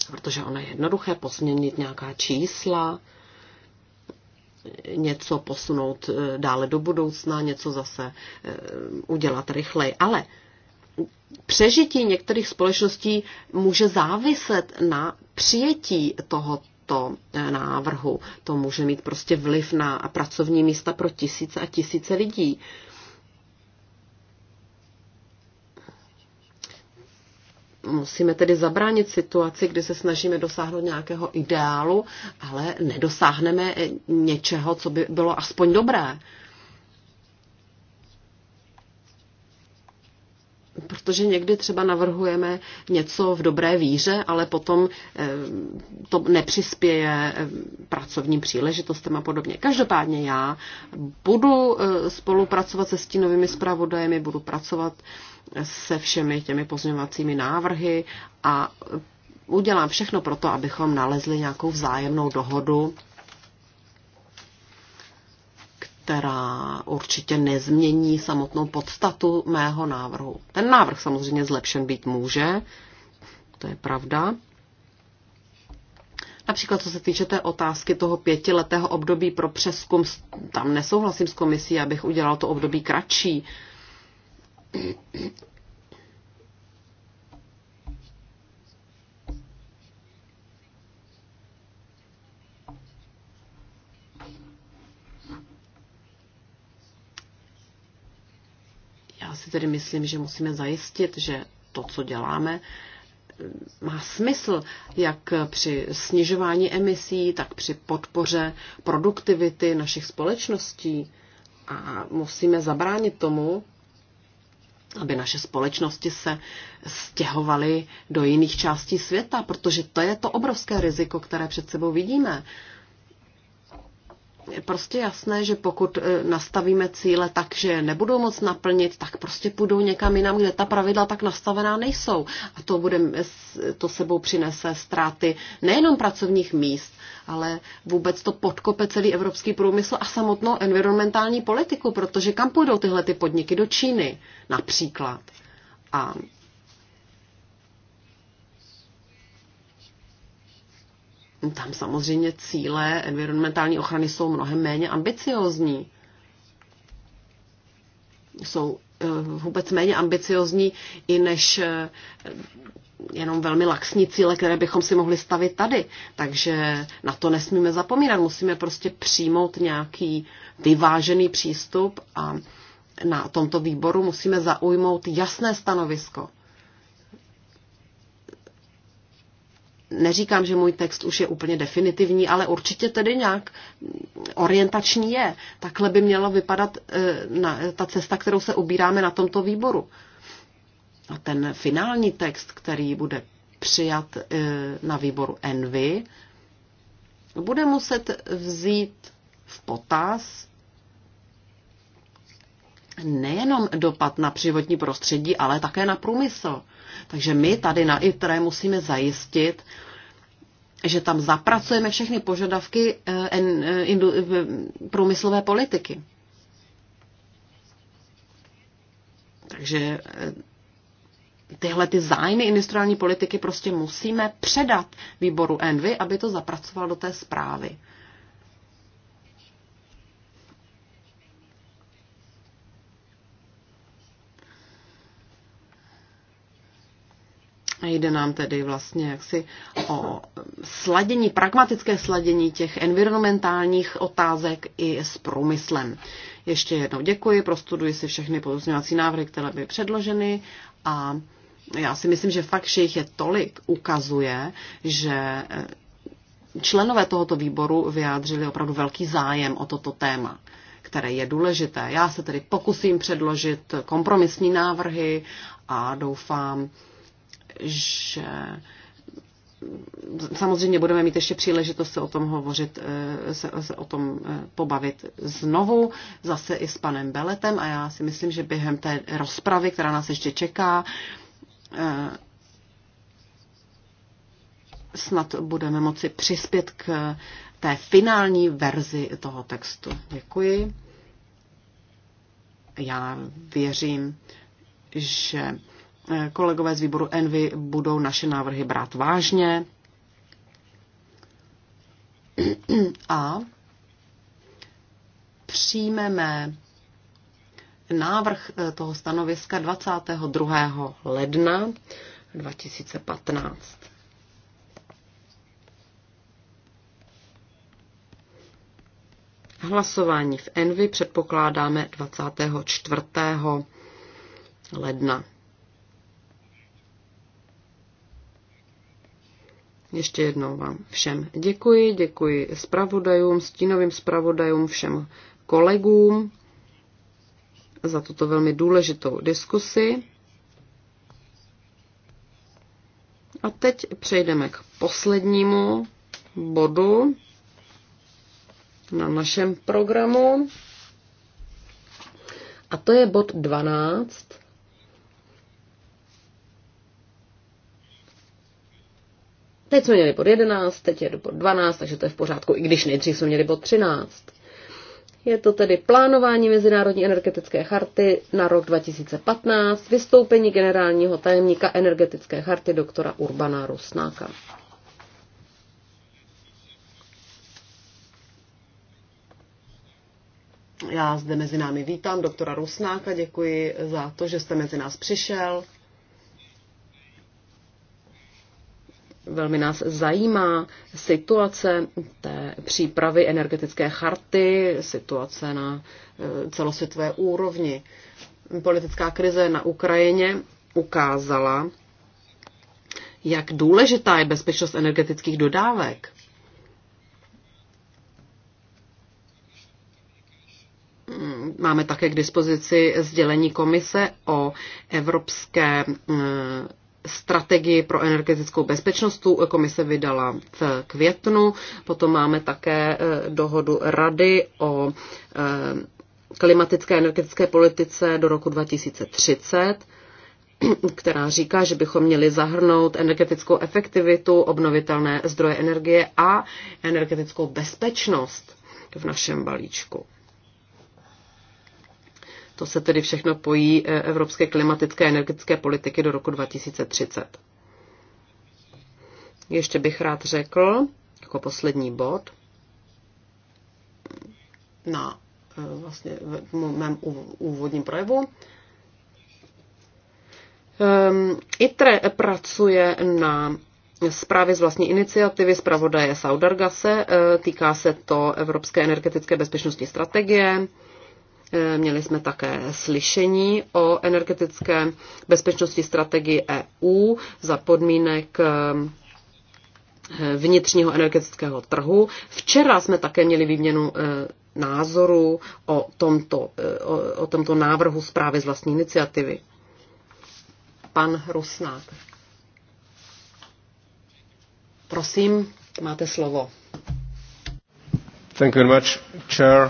protože ono je jednoduché posměnit nějaká čísla, něco posunout eh, dále do budoucna, něco zase eh, udělat rychleji. Ale přežití některých společností může záviset na přijetí tohoto návrhu. To může mít prostě vliv na pracovní místa pro tisíce a tisíce lidí. Musíme tedy zabránit situaci, kdy se snažíme dosáhnout nějakého ideálu, ale nedosáhneme něčeho, co by bylo aspoň dobré. protože někdy třeba navrhujeme něco v dobré víře, ale potom eh, to nepřispěje eh, pracovním příležitostem a podobně. Každopádně já budu eh, spolupracovat se stínovými zpravodajemi, budu pracovat se všemi těmi pozměňovacími návrhy a udělám všechno pro to, abychom nalezli nějakou vzájemnou dohodu, která určitě nezmění samotnou podstatu mého návrhu. Ten návrh samozřejmě zlepšen být může, to je pravda. Například co se týče té otázky toho pětiletého období pro přeskum, tam nesouhlasím s komisí, abych udělal to období kratší. Uh, já si tedy myslím, že musíme zajistit, že to, co děláme, má smysl jak při snižování emisí, tak při podpoře produktivity našich společností. A musíme zabránit tomu, aby naše společnosti se stěhovaly do jiných částí světa, protože to je to obrovské riziko, které před sebou vidíme je prostě jasné, že pokud e, nastavíme cíle tak, že nebudou moc naplnit, tak prostě půjdou někam jinam, kde ta pravidla tak nastavená nejsou. A to, bude, to sebou přinese ztráty nejenom pracovních míst, ale vůbec to podkope celý evropský průmysl a samotnou environmentální politiku, protože kam půjdou tyhle ty podniky? Do Číny například. A Tam samozřejmě cíle environmentální ochrany jsou mnohem méně ambiciozní. Jsou eh, vůbec méně ambiciozní i než eh, jenom velmi laxní cíle, které bychom si mohli stavit tady. Takže na to nesmíme zapomínat. Musíme prostě přijmout nějaký vyvážený přístup a na tomto výboru musíme zaujmout jasné stanovisko. neříkám, že můj text už je úplně definitivní, ale určitě tedy nějak orientační je. Takhle by měla vypadat eh, na, ta cesta, kterou se ubíráme na tomto výboru. A ten finální text, který bude přijat eh, na výboru Envy, bude muset vzít v potaz nejenom dopad na životní prostředí, ale také na průmysl. Takže my tady na ITRE musíme zajistit, že tam zapracujeme všechny požadavky eh, eh, eh, průmyslové politiky. Takže tyhle ty zájmy industriální politiky prostě musíme předat výboru Envy, aby to zapracoval do té zprávy. Jde nám tedy vlastně jaksi o sladění, pragmatické sladění těch environmentálních otázek i s průmyslem. Ještě jednou děkuji, prostuduji si všechny pozměňovací návrhy, které byly předloženy a já si myslím, že fakt, že jich je tolik, ukazuje, že eh, členové tohoto výboru vyjádřili opravdu velký zájem o toto téma které je důležité. Já se tedy pokusím předložit kompromisní návrhy a doufám, že samozřejmě budeme mít ještě příležitost se o tom hovořit, eh, se, se o tom eh, pobavit znovu, zase i s panem Beletem a já si myslím, že během té rozpravy, která nás ještě čeká, eh, snad budeme moci přispět k té finální verzi toho textu. Děkuji. Já věřím, že kolegové z výboru Envy budou naše návrhy brát vážně a přijmeme návrh eh, toho stanoviska 22. ledna 2015. Hlasování v Envy předpokládáme 24. ledna. Ještě jednou vám všem děkuji, děkuji zpravodajům, stínovým zpravodajům, všem kolegům za tuto velmi důležitou diskusi. A teď přejdeme k poslednímu bodu na našem programu. A to je bod 12. Teď jsme měli bod 11, teď je bod 12, takže to je v pořádku, i když nejdřív jsme měli bod 13. Je to tedy plánování Mezinárodní energetické charty na rok 2015, vystoupení generálního tajemníka energetické charty doktora Urbana Rusnáka. Já zde mezi námi vítám doktora Rusnáka, děkuji za to, že jste mezi nás přišel. Velmi nás zajímá situace té přípravy energetické charty, situace na e, celosvětové úrovni. Politická krize na Ukrajině ukázala, jak důležitá je bezpečnost energetických dodávek. Máme také k dispozici sdělení komise o evropské e, strategii pro energetickou bezpečnost. Tu komise vydala v květnu. Potom máme také eh, dohodu Rady o eh, klimatické a energetické politice do roku 2030 která říká, že bychom měli zahrnout energetickou efektivitu, obnovitelné zdroje energie a energetickou bezpečnost v našem balíčku. To se tedy všechno pojí eh, evropské klimatické a energetické politiky do roku 2030. Ještě bych rád řekl, jako poslední bod, na eh, vlastně v mém úvodním projevu. Ehm, ITRE pracuje na zprávě z vlastní iniciativy zpravodaje Saudargase. Eh, týká se to Evropské energetické bezpečnostní strategie. Eh, měli jsme také slyšení o energetické bezpečnosti strategii EU za podmínek eh, vnitřního energetického trhu. Včera jsme také měli výměnu eh, názoru o tomto, o, o tomto návrhu zprávy z vlastní iniciativy. Pan Rusnák. Prosím, máte slovo. Thank you very much, Chair.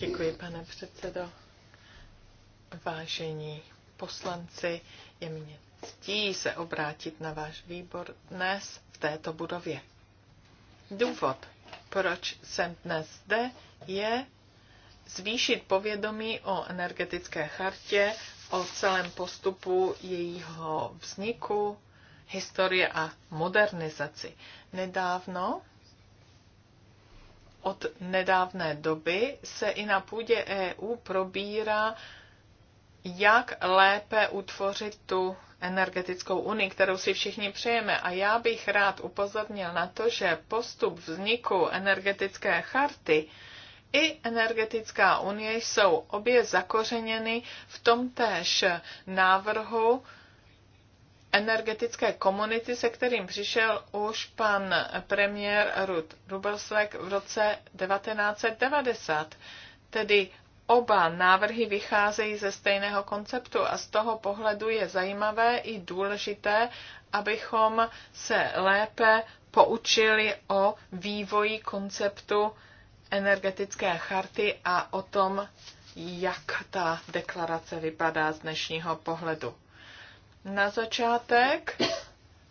Děkuji, pane předsedo. Vážení poslanci, je mě ctí se obrátit na váš výbor dnes v této budově. Důvod, proč jsem dnes zde, je zvýšit povědomí o energetické chartě, o celém postupu jejího vzniku, historie a modernizaci. Nedávno od nedávné doby se i na půdě EU probírá, jak lépe utvořit tu energetickou unii, kterou si všichni přejeme. A já bych rád upozornil na to, že postup vzniku energetické charty i energetická unie jsou obě zakořeněny v tomtéž návrhu energetické komunity, se kterým přišel už pan premiér Rud Rubelsweg v roce 1990. Tedy oba návrhy vycházejí ze stejného konceptu a z toho pohledu je zajímavé i důležité, abychom se lépe poučili o vývoji konceptu energetické charty a o tom, jak ta deklarace vypadá z dnešního pohledu. Na začátek,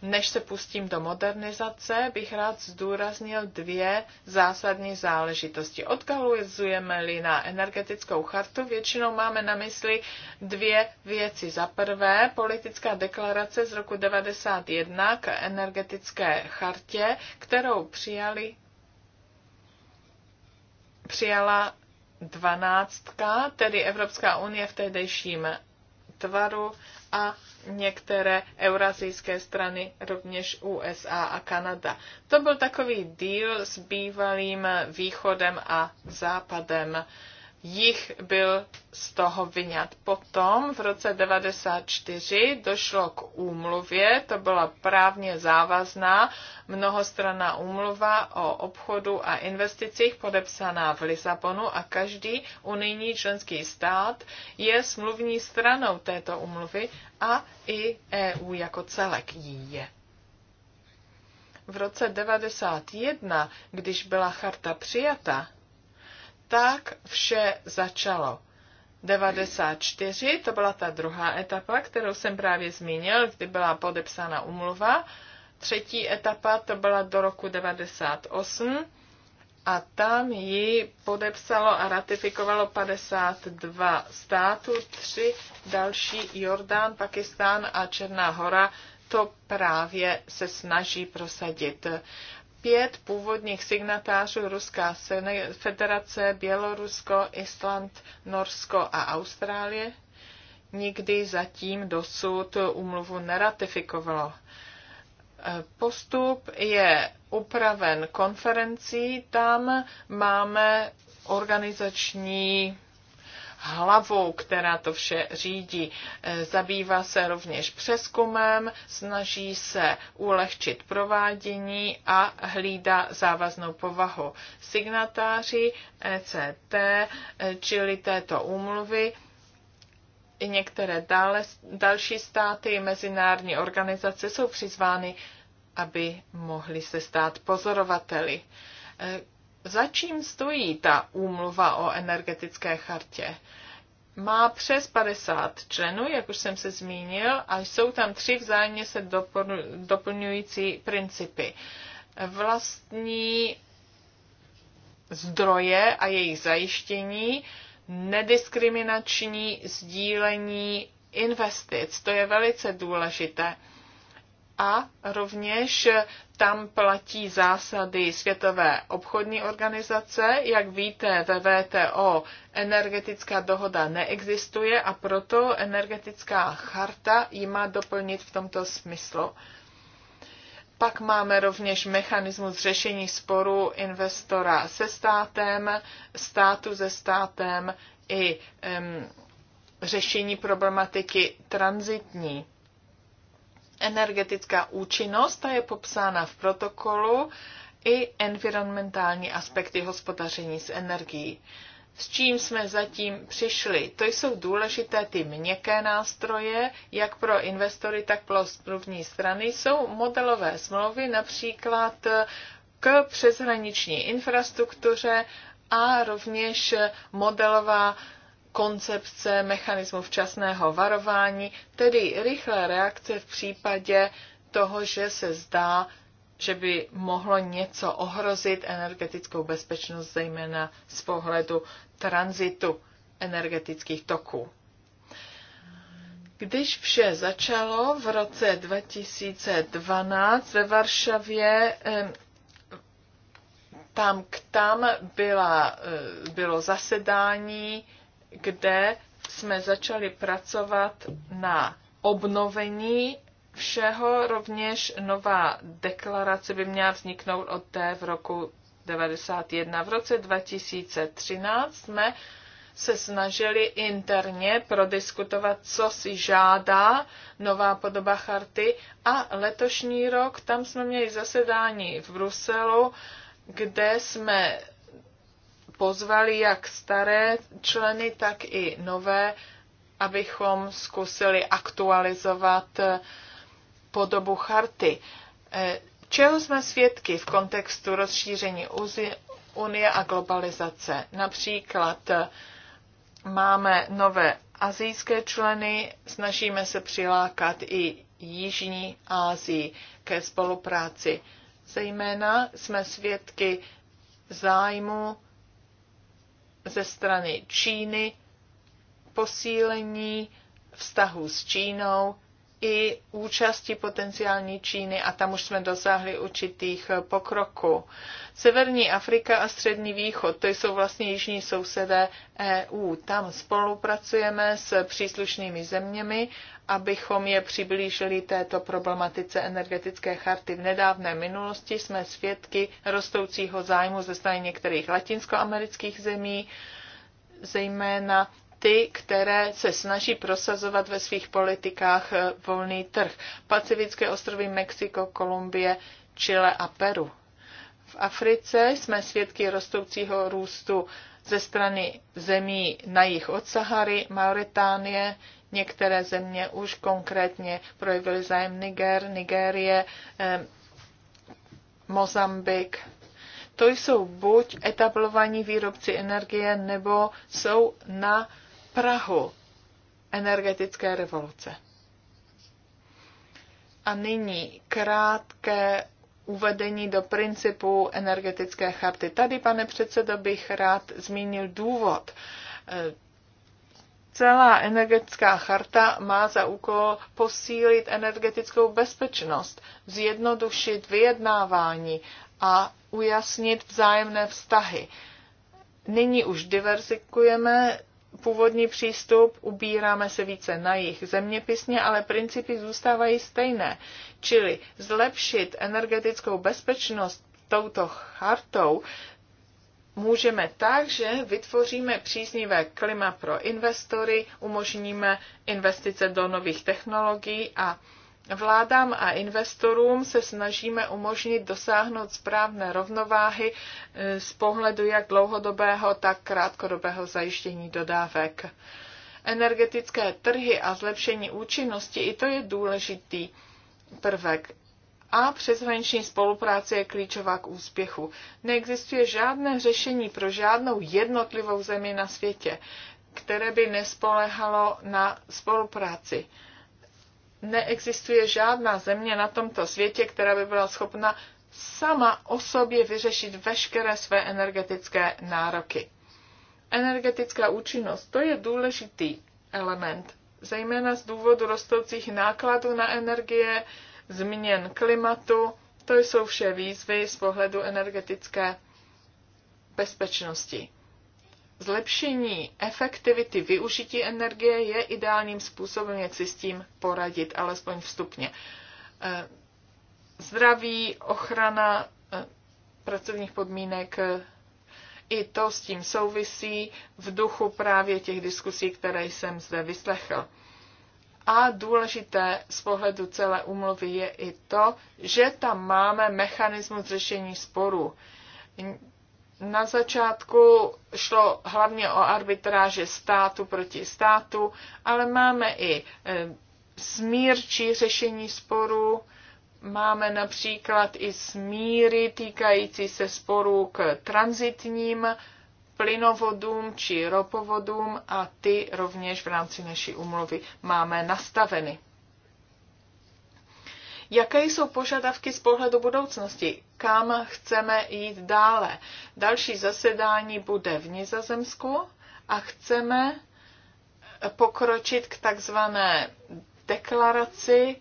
než se pustím do modernizace, bych rád zdůraznil dvě zásadní záležitosti. odkalujeme li na energetickou chartu, většinou máme na mysli dvě věci. Za prvé, politická deklarace z roku 1991 k energetické chartě, kterou přijali, přijala dvanáctka, tedy Evropská unie v tehdejším tvaru a některé eurazijské strany, rovněž USA a Kanada. To byl takový deal s bývalým východem a západem jich byl z toho vyňat. Potom v roce 1994 došlo k úmluvě, to byla právně závazná mnohostranná úmluva o obchodu a investicích podepsaná v Lisabonu a každý unijní členský stát je smluvní stranou této úmluvy a i EU jako celek jí je. V roce 1991, když byla charta přijata, tak vše začalo. 94, to byla ta druhá etapa, kterou jsem právě zmínil, kdy byla podepsána umluva. Třetí etapa, to byla do roku 98 a tam ji podepsalo a ratifikovalo 52 států, tři další Jordán, Pakistán a Černá hora to právě se snaží prosadit pět původních signatářů Ruská federace, Bělorusko, Island, Norsko a Austrálie nikdy zatím dosud umluvu neratifikovalo. E, postup je upraven konferencí, tam máme organizační hlavou, která to vše řídí. E, zabývá se rovněž přeskumem, snaží se ulehčit provádění a hlídá závaznou povahu. Signatáři ECT, e, čili této úmluvy, i některé dále, další státy i mezinárodní organizace jsou přizvány, aby mohli se stát pozorovateli. E, za čím stojí ta úmluva o energetické chartě? Má přes 50 členů, jak už jsem se zmínil, a jsou tam tři vzájemně se doplňující principy. Vlastní zdroje a jejich zajištění, nediskriminační sdílení investic. To je velice důležité a rovněž tam platí zásady Světové obchodní organizace. Jak víte, ve VTO energetická dohoda neexistuje a proto energetická charta ji má doplnit v tomto smyslu. Pak máme rovněž mechanismus řešení sporu investora se státem, státu se státem i um, řešení problematiky transitní energetická účinnost, ta je popsána v protokolu, i environmentální aspekty hospodaření s energií. S čím jsme zatím přišli? To jsou důležité ty měkké nástroje, jak pro investory, tak pro smluvní strany. Jsou modelové smlouvy například k přeshraniční infrastruktuře a rovněž modelová koncepce mechanismu včasného varování, tedy rychlé reakce v případě toho, že se zdá, že by mohlo něco ohrozit energetickou bezpečnost, zejména z pohledu tranzitu energetických toků. Když vše začalo v roce 2012 ve Varšavě, tam k tam byla, eh, bylo zasedání kde jsme začali pracovat na obnovení všeho, rovněž nová deklarace by měla vzniknout od té v roku 1991. V roce 2013 jsme se snažili interně prodiskutovat, co si žádá nová podoba charty a letošní rok tam jsme měli zasedání v Bruselu, kde jsme pozvali jak staré členy, tak i nové, abychom zkusili aktualizovat eh, podobu charty. Eh, čeho jsme svědky v kontextu rozšíření Unie a globalizace? Například eh, máme nové azijské členy, snažíme se přilákat i Jižní Asii ke spolupráci. Zejména jsme svědky zájmu ze strany Číny, posílení vztahu s Čínou i účasti potenciální Číny a tam už jsme dosáhli určitých pokroků. Severní Afrika a Střední východ, to jsou vlastně jižní sousedé EU. Tam spolupracujeme s příslušnými zeměmi, abychom je přiblížili této problematice energetické charty. V nedávné minulosti jsme svědky rostoucího zájmu ze strany některých latinskoamerických zemí, zejména ty, které se snaží prosazovat ve svých politikách eh, volný trh. Pacifické ostrovy Mexiko, Kolumbie, Chile a Peru. V Africe jsme svědky rostoucího růstu ze strany zemí na jih od Sahary, Mauritánie, některé země už konkrétně projevily zájem Niger, Nigérie, eh, Mozambik. To jsou buď etablovaní výrobci energie, nebo jsou na Prahu energetické revoluce. A nyní krátké uvedení do principu energetické charty. Tady, pane předsedo, bych rád zmínil důvod. E, celá energetická charta má za úkol posílit energetickou bezpečnost, zjednodušit vyjednávání a ujasnit vzájemné vztahy. Nyní už diverzikujeme původní přístup, ubíráme se více na jich zeměpisně, ale principy zůstávají stejné. Čili zlepšit energetickou bezpečnost touto chartou můžeme tak, že vytvoříme příznivé klima pro investory, umožníme investice do nových technologií a Vládám a investorům se snažíme umožnit dosáhnout správné rovnováhy eh, z pohledu jak dlouhodobého, tak krátkodobého zajištění dodávek. Energetické trhy a zlepšení účinnosti, i to je důležitý prvek a přeshraniční spolupráce je klíčová k úspěchu. Neexistuje žádné řešení pro žádnou jednotlivou zemi na světě, které by nespolehalo na spolupráci neexistuje žádná země na tomto světě, která by byla schopna sama o sobě vyřešit veškeré své energetické nároky. Energetická účinnost, to je důležitý element, zejména z důvodu rostoucích nákladů na energie, změn klimatu, to jsou vše výzvy z pohledu energetické bezpečnosti zlepšení efektivity využití energie je ideálním způsobem, jak si s tím poradit, alespoň vstupně. E, zdraví, ochrana e, pracovních podmínek, e, i to s tím souvisí v duchu právě těch diskusí, které jsem zde vyslechl. A důležité z pohledu celé umluvy je i to, že tam máme mechanismus řešení sporů na začátku šlo hlavně o arbitráže státu proti státu, ale máme i e, smírčí řešení sporů, máme například i smíry týkající se sporů k transitním plynovodům či ropovodům a ty rovněž v rámci naší umluvy máme nastaveny. Jaké jsou požadavky z pohledu budoucnosti? Kam chceme jít dále? Další zasedání bude v Nizozemsku a chceme pokročit k takzvané deklaraci.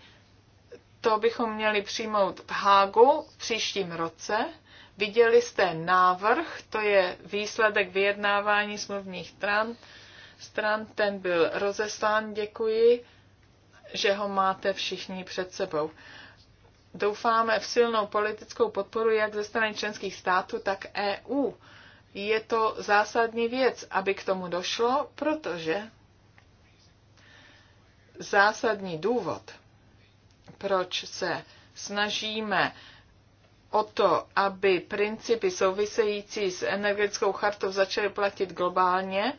To bychom měli přijmout v Hágu v příštím roce. Viděli jste návrh, to je výsledek vyjednávání smluvních stran. Stran ten byl rozeslán, děkuji, že ho máte všichni před sebou doufáme v silnou politickou podporu jak ze strany členských států, tak EU. Je to zásadní věc, aby k tomu došlo, protože zásadní důvod, proč se snažíme o to, aby principy související s energetickou chartou začaly platit globálně,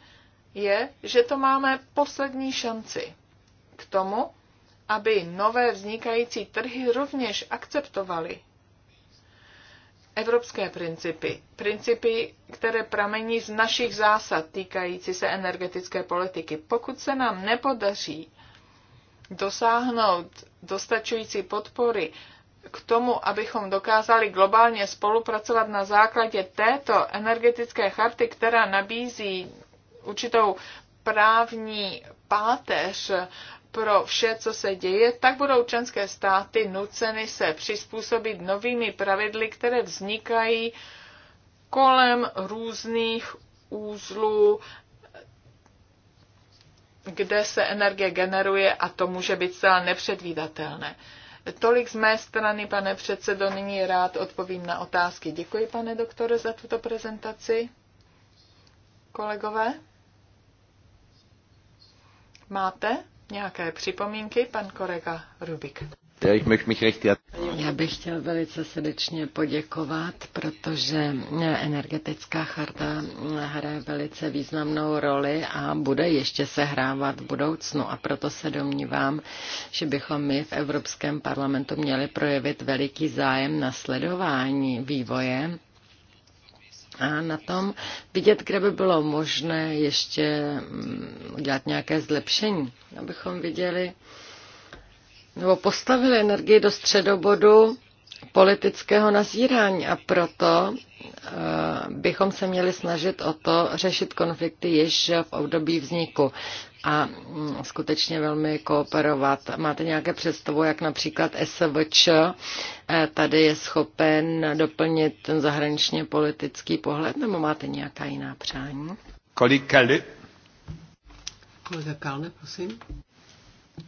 je, že to máme poslední šanci k tomu, aby nové vznikající trhy rovněž akceptovaly evropské principy, principy, které pramení z našich zásad týkající se energetické politiky. Pokud se nám nepodaří dosáhnout dostačující podpory k tomu, abychom dokázali globálně spolupracovat na základě této energetické charty, která nabízí určitou právní páteř pro vše, co se děje, tak budou členské státy nuceny se přizpůsobit novými pravidly, které vznikají kolem různých úzlů, kde se energie generuje a to může být celá nepředvídatelné. Tolik z mé strany, pane předsedo, nyní rád odpovím na otázky. Děkuji, pane doktore, za tuto prezentaci. Kolegové? Máte? Nějaké připomínky, pan kolega Rubik. Já bych chtěl velice srdečně poděkovat, protože energetická charta hraje velice významnou roli a bude ještě se hrávat v budoucnu. A proto se domnívám, že bychom my v Evropském parlamentu měli projevit veliký zájem na sledování vývoje a na tom vidět, kde by bylo možné ještě mm, udělat nějaké zlepšení, abychom viděli nebo postavili energii do středobodu politického nazírání a proto eh, bychom se měli snažit o to řešit konflikty již v období vzniku a mm, skutečně velmi kooperovat. Máte nějaké představu, jak například SVČ eh, tady je schopen doplnit ten zahraničně politický pohled, nebo máte nějaká jiná přání? Kolik Kelly? Kolega Kalne, prosím.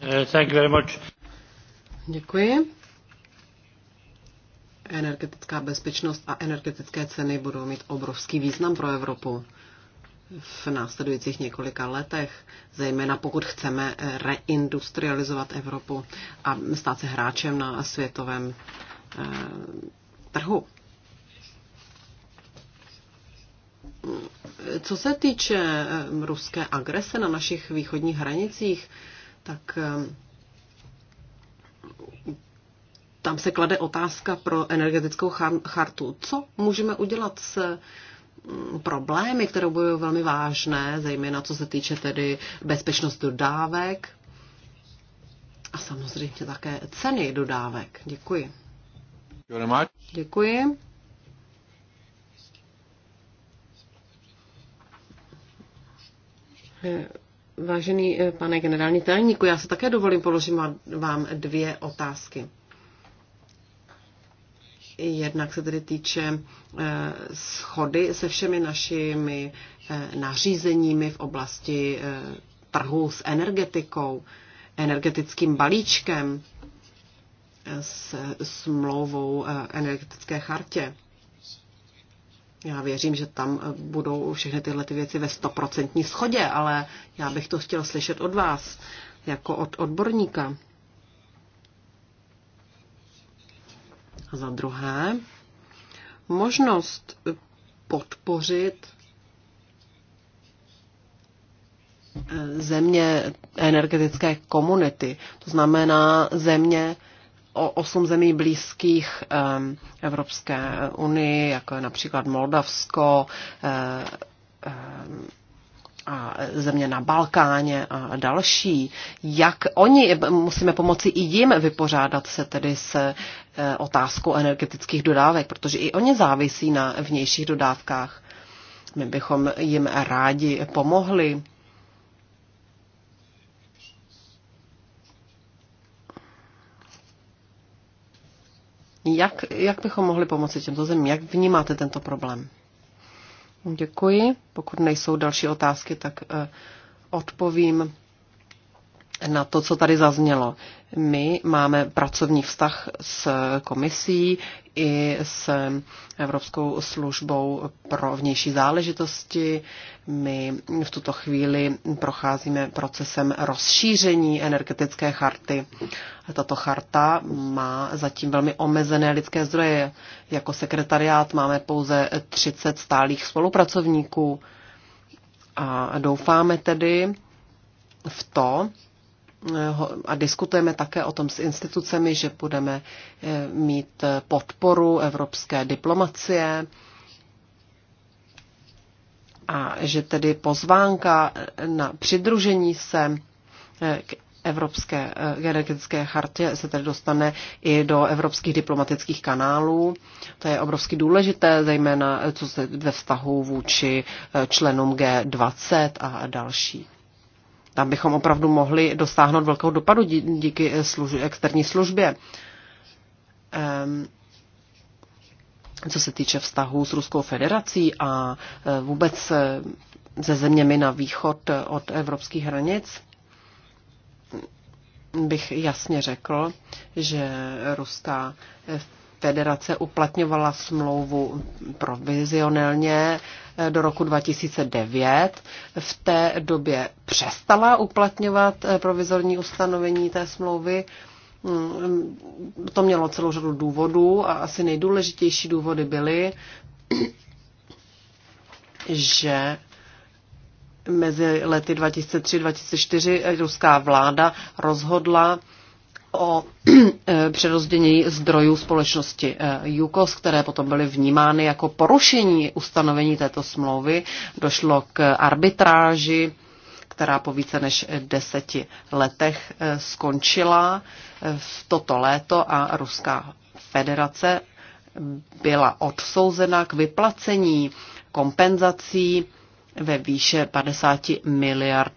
Eh, thank you very much. Děkuji energetická bezpečnost a energetické ceny budou mít obrovský význam pro Evropu v následujících několika letech, zejména pokud chceme reindustrializovat Evropu a stát se hráčem na světovém eh, trhu. Co se týče eh, ruské agrese na našich východních hranicích, tak eh, tam se klade otázka pro energetickou chartu. Co můžeme udělat s mm, problémy, které budou velmi vážné, zejména co se týče tedy bezpečnost dodávek a samozřejmě také ceny dodávek. Děkuji. Děkuji. Vážený eh, pane generální tajemníku, já se také dovolím položit vám dvě otázky. Jednak se tedy týče eh, schody se všemi našimi eh, nařízeními v oblasti eh, trhu s energetikou, energetickým balíčkem, s smlouvou energetické chartě. Já věřím, že tam budou všechny tyhle ty věci ve stoprocentní schodě, ale já bych to chtěl slyšet od vás, jako od odborníka. A za druhé, možnost podpořit eh, země energetické komunity, to znamená země o osm zemí blízkých eh, Evropské unii, jako je například Moldavsko eh, a země na Balkáně a další. Jak oni musíme pomoci i jim vypořádat se tedy se Eh, otázkou energetických dodávek, protože i oni závisí na vnějších dodávkách. My bychom jim rádi pomohli. Jak, jak bychom mohli pomoci těmto zemím? Jak vnímáte tento problém? Děkuji. Pokud nejsou další otázky, tak eh, odpovím na to, co tady zaznělo. My máme pracovní vztah s komisí i s Evropskou službou pro vnější záležitosti. My v tuto chvíli procházíme procesem rozšíření energetické charty. Tato charta má zatím velmi omezené lidské zdroje. Jako sekretariát máme pouze 30 stálých spolupracovníků a doufáme tedy v to, a diskutujeme také o tom s institucemi, že budeme eh, mít eh, podporu evropské diplomacie a že tedy pozvánka eh, na přidružení se k Evropské genetické chartě se tedy dostane i do evropských diplomatických kanálů. To je obrovsky důležité, zejména co se ve vztahu vůči členům G20 a další. Tam bychom opravdu mohli dostáhnout velkého dopadu díky eh, služ- externí službě. Um, co se týče vztahů s Ruskou federací a eh, vůbec eh, se zeměmi na východ od evropských hranic, bych jasně řekl, že ruská federace uplatňovala smlouvu provizionálně eh, do roku 2009. V té době přestala uplatňovat eh, provizorní ustanovení té smlouvy. Mm, to mělo celou řadu důvodů a asi nejdůležitější důvody byly, že mezi lety 2003-2004 eh, ruská vláda rozhodla o e, přerozdění zdrojů společnosti e, JUKOS, které potom byly vnímány jako porušení ustanovení této smlouvy. Došlo k arbitráži, která po více než deseti letech e, skončila v toto léto a Ruská federace byla odsouzena k vyplacení kompenzací ve výše 50 miliard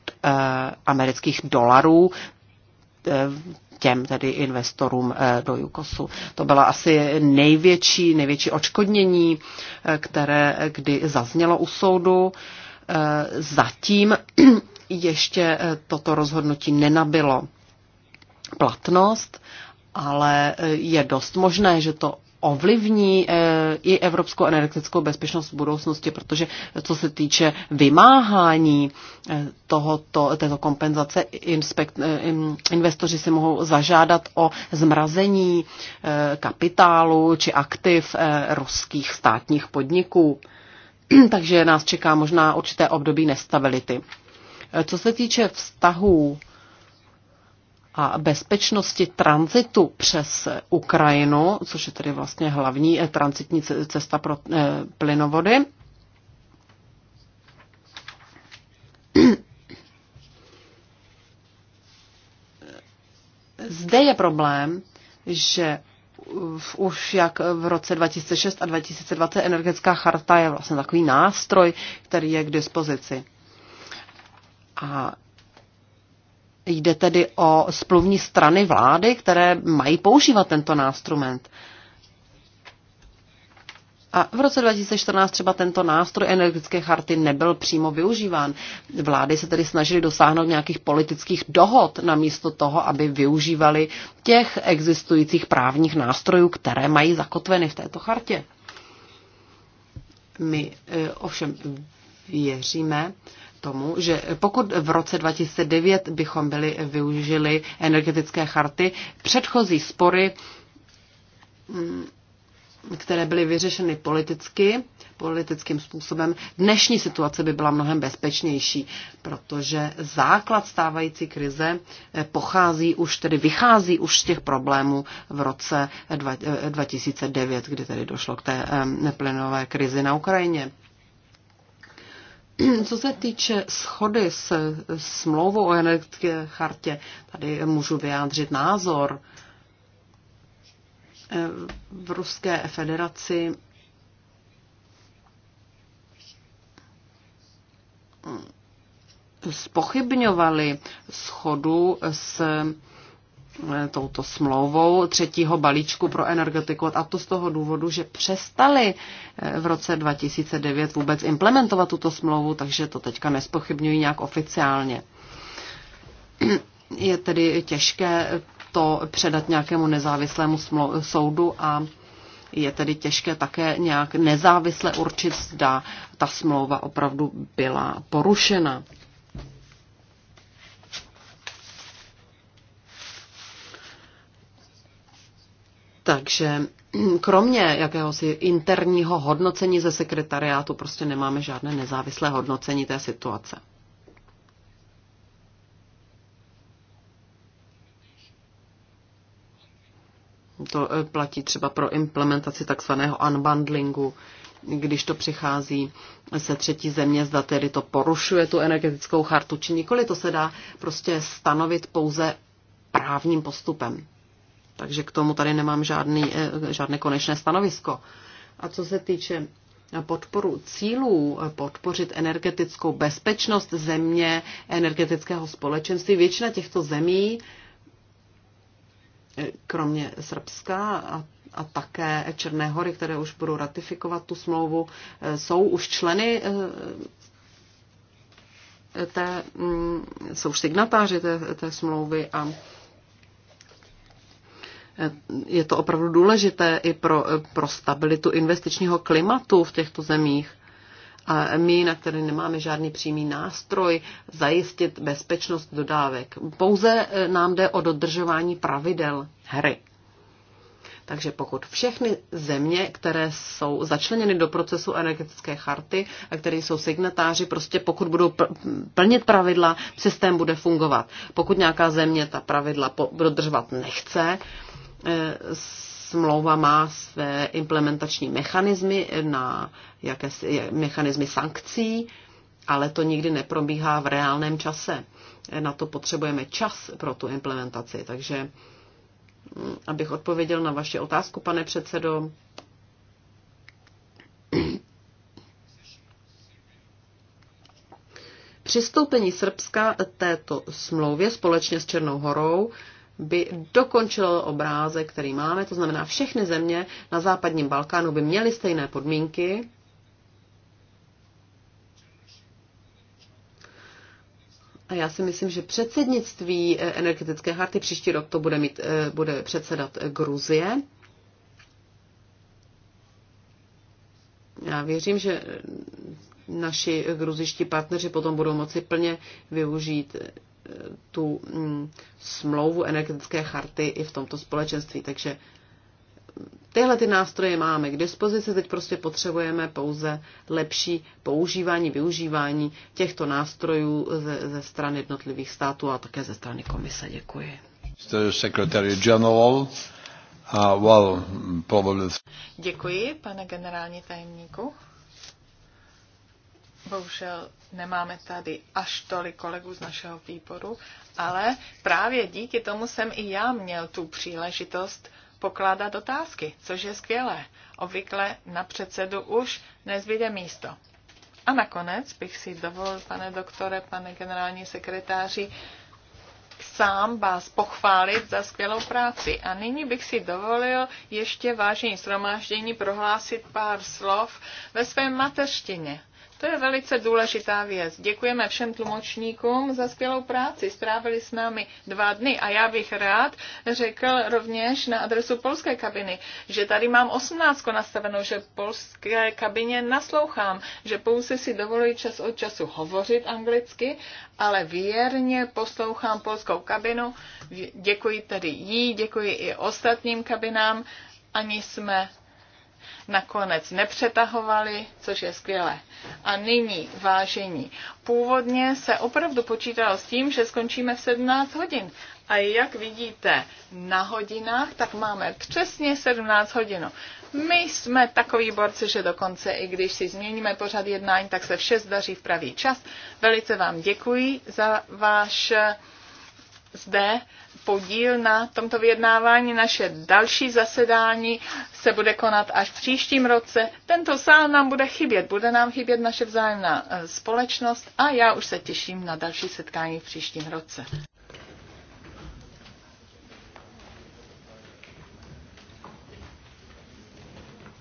amerických dolarů těm tedy investorům eh, do Jukosu. To byla asi největší, největší očkodnění, eh, které eh, kdy zaznělo u soudu. Zatím ještě toto rozhodnutí nenabilo platnost, ale je dost možné, že to ovlivní i evropskou energetickou bezpečnost v budoucnosti, protože co se týče vymáhání eh, tohoto, této kompenzace, inspekt, eh, investoři si mohou zažádat o zmrazení eh, kapitálu či aktiv ruských státních podniků. Takže nás čeká možná určité období nestability. Co se týče vztahů a bezpečnosti tranzitu přes Ukrajinu, což je tedy vlastně hlavní eh, transitní cesta pro eh, plynovody. Zde je problém, že už jak v roce 2006 a 2020 energetická charta je vlastně takový nástroj, který je k dispozici. A Jde tedy o splovní strany vlády, které mají používat tento nástrument. A v roce 2014 třeba tento nástroj energetické charty nebyl přímo využíván. Vlády se tedy snažily dosáhnout nějakých politických dohod namísto toho, aby využívali těch existujících právních nástrojů, které mají zakotveny v této chartě. My eh, ovšem věříme, tomu, že pokud v roce 2009 bychom byli využili energetické charty, předchozí spory, mm, které byly vyřešeny politicky, politickým způsobem, dnešní situace by byla mnohem bezpečnější, protože základ stávající krize eh, pochází už, tedy vychází už z těch problémů v roce 2009, eh, kdy tedy došlo k té eh, neplynové krizi na Ukrajině. Co se týče schody s smlouvou o energetické chartě, tady můžu vyjádřit názor. Eh, v Ruské federaci mm, spochybňovali schodu s Eh, touto smlouvou třetího balíčku pro energetiku a to z toho důvodu, že přestali eh, v roce 2009 vůbec implementovat tuto smlouvu, takže to teďka nespochybňují nějak oficiálně. Je tedy těžké to předat nějakému nezávislému soudu a je tedy těžké také nějak nezávisle určit, zda ta smlouva opravdu byla porušena. Takže kromě jakéhosi interního hodnocení ze sekretariátu prostě nemáme žádné nezávislé hodnocení té situace. To eh, platí třeba pro implementaci takzvaného unbundlingu, když to přichází se třetí země, zda tedy to porušuje tu energetickou chartu či nikoli, to se dá prostě stanovit pouze právním postupem. Takže k tomu tady nemám žádný, eh, žádné konečné stanovisko. A co se týče podporu cílů, eh, podpořit energetickou bezpečnost země, energetického společenství, většina těchto zemí, eh, kromě Srbska a a také Černé hory, které už budou ratifikovat tu smlouvu, jsou už členy té, mm, jsou už signatáři té, té smlouvy a je to opravdu důležité i pro, pro stabilitu investičního klimatu v těchto zemích. A my, na které nemáme žádný přímý nástroj, zajistit bezpečnost dodávek. Pouze eh, nám jde o dodržování pravidel hry. Takže pokud všechny země, které jsou začleněny do procesu energetické charty a které jsou signatáři, prostě pokud budou plnit pravidla, systém bude fungovat. Pokud nějaká země ta pravidla dodržovat nechce, smlouva má své implementační mechanismy na jaké mechanismy sankcí, ale to nikdy neprobíhá v reálném čase. Na to potřebujeme čas pro tu implementaci. Takže mm, abych odpověděl na vaši otázku, pane předsedo, Přistoupení Srbska této smlouvě společně s Černou horou by dokončil obrázek, který máme. To znamená, všechny země na západním Balkánu by měly stejné podmínky. A já si myslím, že předsednictví eh, energetické charty příští rok to bude, mít, eh, bude předsedat eh, Gruzie. Já věřím, že naši gruziští partneři potom budou moci plně využít tu mm, smlouvu energetické charty i v tomto společenství. Takže tyhle ty nástroje máme k dispozici, teď prostě potřebujeme pouze lepší používání, využívání těchto nástrojů ze, ze strany jednotlivých států a také ze strany komise. Děkuji. Uh, Děkuji, pane generální tajemníku. Bohužel nemáme tady až tolik kolegů z našeho výboru, ale právě díky tomu jsem i já měl tu příležitost pokládat otázky, což je skvělé. Obvykle na předsedu už nezbyde místo. A nakonec bych si dovolil, pane doktore, pane generální sekretáři, sám vás pochválit za skvělou práci. A nyní bych si dovolil ještě vážení shromáždění prohlásit pár slov ve svém mateřštině. To je velice důležitá věc. Děkujeme všem tlumočníkům za skvělou práci. Strávili s námi dva dny a já bych rád řekl rovněž na adresu polské kabiny, že tady mám osmnáctko nastavenou, že polské kabině naslouchám, že pouze si dovoluji čas od času hovořit anglicky, ale věrně poslouchám polskou kabinu. Děkuji tedy jí, děkuji i ostatním kabinám. Ani jsme nakonec nepřetahovali, což je skvělé. A nyní, vážení, původně se opravdu počítalo s tím, že skončíme v 17 hodin. A jak vidíte na hodinách, tak máme přesně 17 hodin. My jsme takový borci, že dokonce i když si změníme pořad jednání, tak se vše zdaří v pravý čas. Velice vám děkuji za váš zde podíl na tomto vyjednávání. Naše další zasedání se bude konat až v příštím roce. Tento sál nám bude chybět, bude nám chybět naše vzájemná eh, společnost a já už se těším na další setkání v příštím roce.